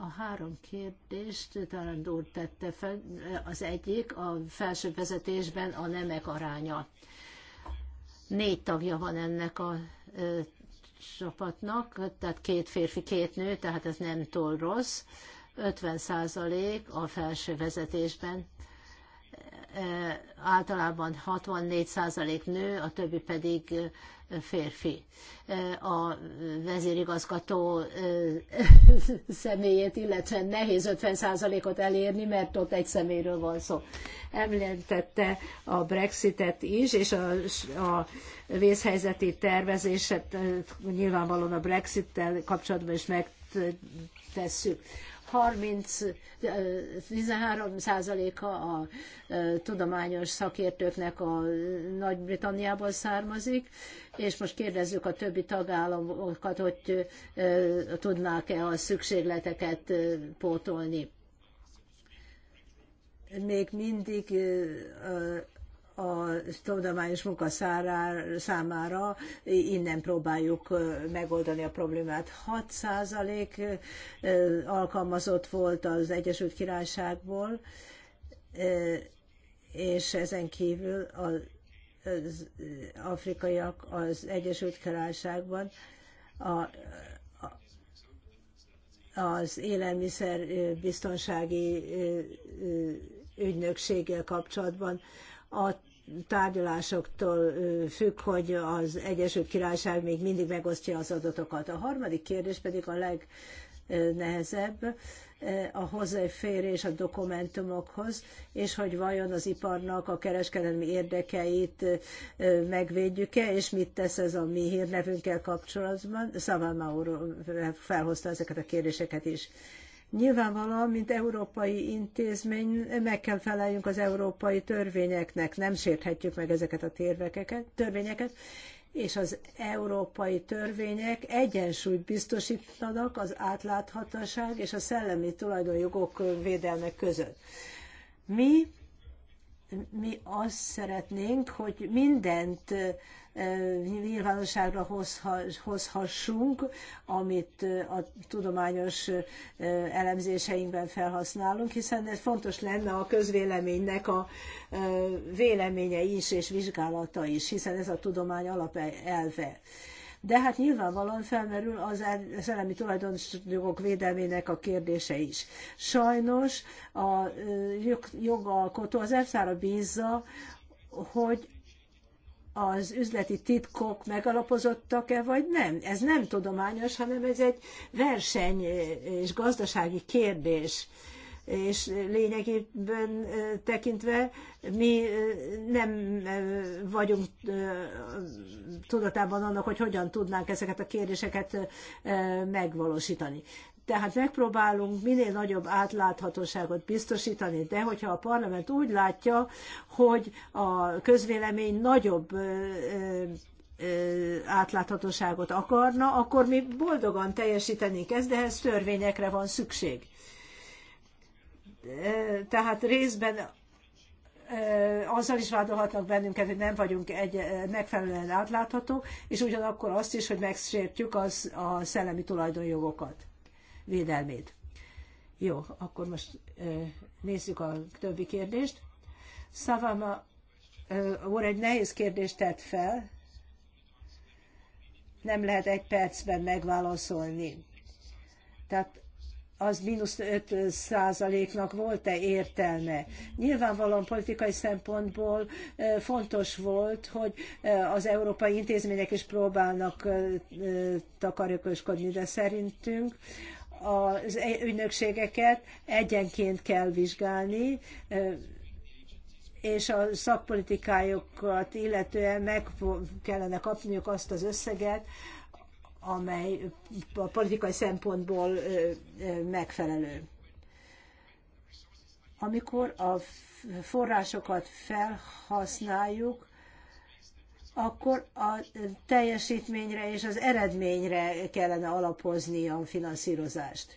a három kérdést talán úr tette fel. Az egyik a felső vezetésben a nemek aránya. Négy tagja van ennek a csapatnak, tehát két férfi, két nő, tehát ez nem túl rossz. 50 százalék a felső vezetésben általában 64% nő, a többi pedig férfi. A vezérigazgató (laughs) személyét, illetve nehéz 50%-ot elérni, mert ott egy személyről van szó. Említette a Brexitet is, és a, a vészhelyzeti tervezéset nyilvánvalóan a Brexittel kapcsolatban is megtesszük. 30, 13 százaléka a tudományos szakértőknek a Nagy-Britanniából származik, és most kérdezzük a többi tagállamokat, hogy tudnák-e a szükségleteket pótolni. Még mindig a tudományos munka számára innen próbáljuk megoldani a problémát. 6% alkalmazott volt az Egyesült Királyságból, és ezen kívül az afrikaiak az Egyesült Királyságban a, az élelmiszer biztonsági ügynökséggel kapcsolatban a tárgyalásoktól függ, hogy az Egyesült Királyság még mindig megosztja az adatokat. A harmadik kérdés pedig a legnehezebb, a hozzáférés a dokumentumokhoz, és hogy vajon az iparnak a kereskedelmi érdekeit megvédjük-e, és mit tesz ez a mi hírnevünkkel kapcsolatban. Szavama úr felhozta ezeket a kérdéseket is. Nyilvánvalóan, mint európai intézmény, meg kell feleljünk az európai törvényeknek, nem sérthetjük meg ezeket a törvényeket, és az európai törvények egyensúlyt biztosítanak az átláthatóság és a szellemi tulajdonjogok védelme között. Mi, mi azt szeretnénk, hogy mindent nyilvánosságra hozhassunk, amit a tudományos elemzéseinkben felhasználunk, hiszen ez fontos lenne a közvéleménynek a véleménye is és vizsgálata is, hiszen ez a tudomány alapelve. De hát nyilvánvalóan felmerül az szellemi tulajdonjogok védelmének a kérdése is. Sajnos a jogalkotó az elszára bízza, hogy az üzleti titkok megalapozottak-e, vagy nem. Ez nem tudományos, hanem ez egy verseny és gazdasági kérdés és lényegében tekintve mi nem vagyunk tudatában annak, hogy hogyan tudnánk ezeket a kérdéseket megvalósítani. Tehát megpróbálunk minél nagyobb átláthatóságot biztosítani, de hogyha a parlament úgy látja, hogy a közvélemény nagyobb átláthatóságot akarna, akkor mi boldogan teljesítenénk ezt, de ehhez törvényekre van szükség tehát részben azzal is vádolhatnak bennünket, hogy nem vagyunk egy, megfelelően átláthatók, és ugyanakkor azt is, hogy megsértjük az, a szellemi tulajdonjogokat, védelmét. Jó, akkor most nézzük a többi kérdést. Szavama úr egy nehéz kérdést tett fel, nem lehet egy percben megválaszolni. Tehát az mínusz 5 százaléknak volt-e értelme. Nyilvánvalóan politikai szempontból fontos volt, hogy az európai intézmények is próbálnak takarékoskodni, de szerintünk az e- ügynökségeket egyenként kell vizsgálni, és a szakpolitikájukat illetően meg kellene kapniuk azt az összeget, amely a politikai szempontból megfelelő. Amikor a forrásokat felhasználjuk, akkor a teljesítményre és az eredményre kellene alapozni a finanszírozást.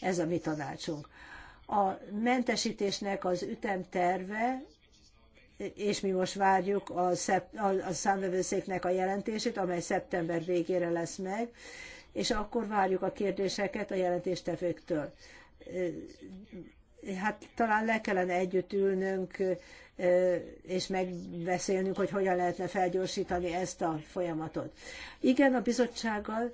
Ez a mi tanácsunk. A mentesítésnek az ütemterve és mi most várjuk a, szep, a, a számvevőszéknek a jelentését, amely szeptember végére lesz meg, és akkor várjuk a kérdéseket a jelentéstevőktől. Hát talán le kellene együtt ülnünk és megbeszélnünk, hogy hogyan lehetne felgyorsítani ezt a folyamatot. Igen, a bizottsággal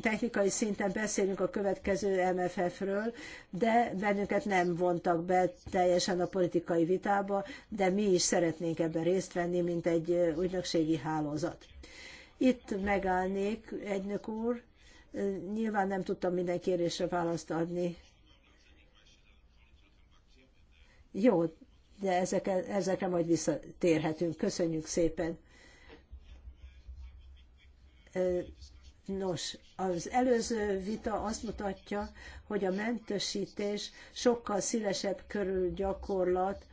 technikai szinten beszélünk a következő MFF-ről, de bennünket nem vontak be teljesen a politikai vitába, de mi is szeretnénk ebben részt venni, mint egy ügynökségi hálózat. Itt megállnék, egynök úr, nyilván nem tudtam minden kérésre választ adni. Jó, de ezek, ezekre majd visszatérhetünk. Köszönjük szépen. Nos, az előző vita azt mutatja, hogy a mentesítés sokkal szélesebb körül gyakorlat,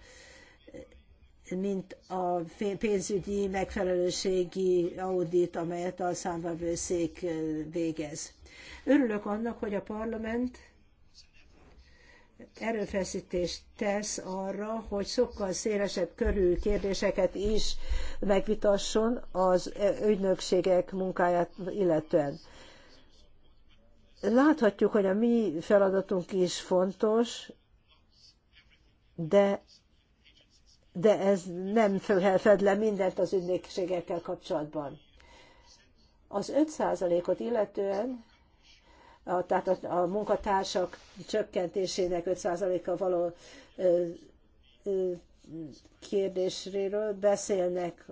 mint a pénzügyi megfelelőségi audit, amelyet a számvevőszék végez. Örülök annak, hogy a parlament erőfeszítést tesz arra, hogy sokkal szélesebb körű kérdéseket is megvitasson az ügynökségek munkáját illetően. Láthatjuk, hogy a mi feladatunk is fontos, de, de ez nem fed le mindent az ügynökségekkel kapcsolatban. Az 5%-ot illetően a, tehát a, a munkatársak csökkentésének 5%-a való ö, ö, kérdéséről beszélnek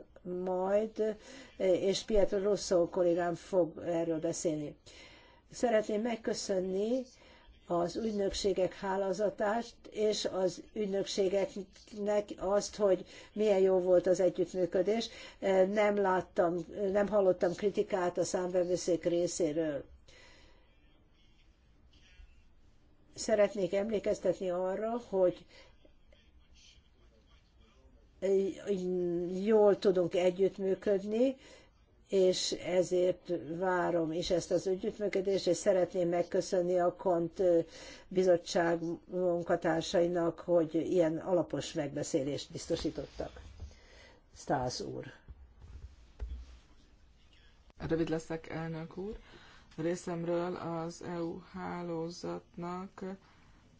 majd, és Pietro Russo kollégám fog erről beszélni. Szeretném megköszönni az ügynökségek hálazatást, és az ügynökségeknek azt, hogy milyen jó volt az együttműködés. Nem láttam, nem hallottam kritikát a számbevőszék részéről szeretnék emlékeztetni arra, hogy jól tudunk együttműködni, és ezért várom is ezt az együttműködést, és szeretném megköszönni a KONT bizottság munkatársainak, hogy ilyen alapos megbeszélést biztosítottak. Stász úr. Rövid leszek, elnök úr. Részemről az EU hálózatnak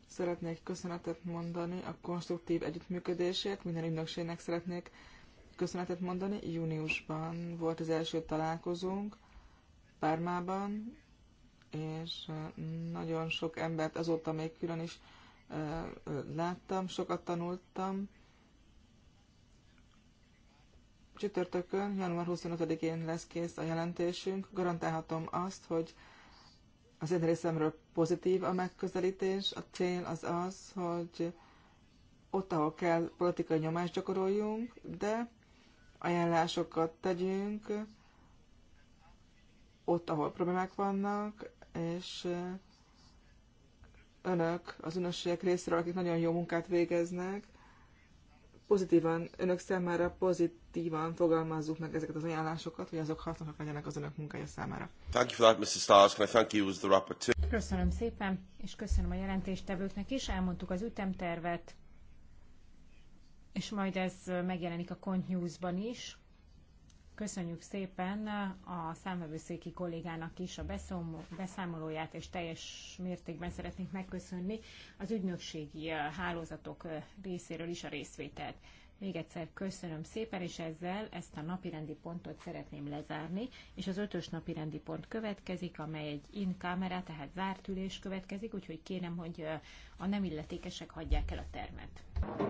szeretnék köszönetet mondani a konstruktív együttműködésért, minden ügynökségnek szeretnék köszönetet mondani. Júniusban volt az első találkozónk Pármában, és nagyon sok embert azóta még külön is láttam, sokat tanultam csütörtökön, január 25-én lesz kész a jelentésünk. Garantálhatom azt, hogy az én részemről pozitív a megközelítés. A cél az az, hogy ott, ahol kell, politikai nyomást gyakoroljunk, de ajánlásokat tegyünk ott, ahol problémák vannak, és eh, önök, az önösségek részéről, akik nagyon jó munkát végeznek, pozitívan, önök számára pozitívan fogalmazzuk meg ezeket az ajánlásokat, hogy azok hasznosak legyenek az önök munkája számára. Thank you for that, Mrs. Stiles. Can I thank you as the rapporteur? Köszönöm szépen, és köszönöm a jelentéstevőknek is. Elmondtuk az ütemtervet, és majd ez megjelenik a Cont News-ban is. Köszönjük szépen a számvevőszéki kollégának is a beszámolóját, és teljes mértékben szeretnénk megköszönni az ügynökségi hálózatok részéről is a részvételt. Még egyszer köszönöm szépen, és ezzel ezt a napirendi pontot szeretném lezárni, és az ötös napirendi pont következik, amely egy in kamera, tehát zárt ülés következik, úgyhogy kérem, hogy a nem illetékesek hagyják el a termet.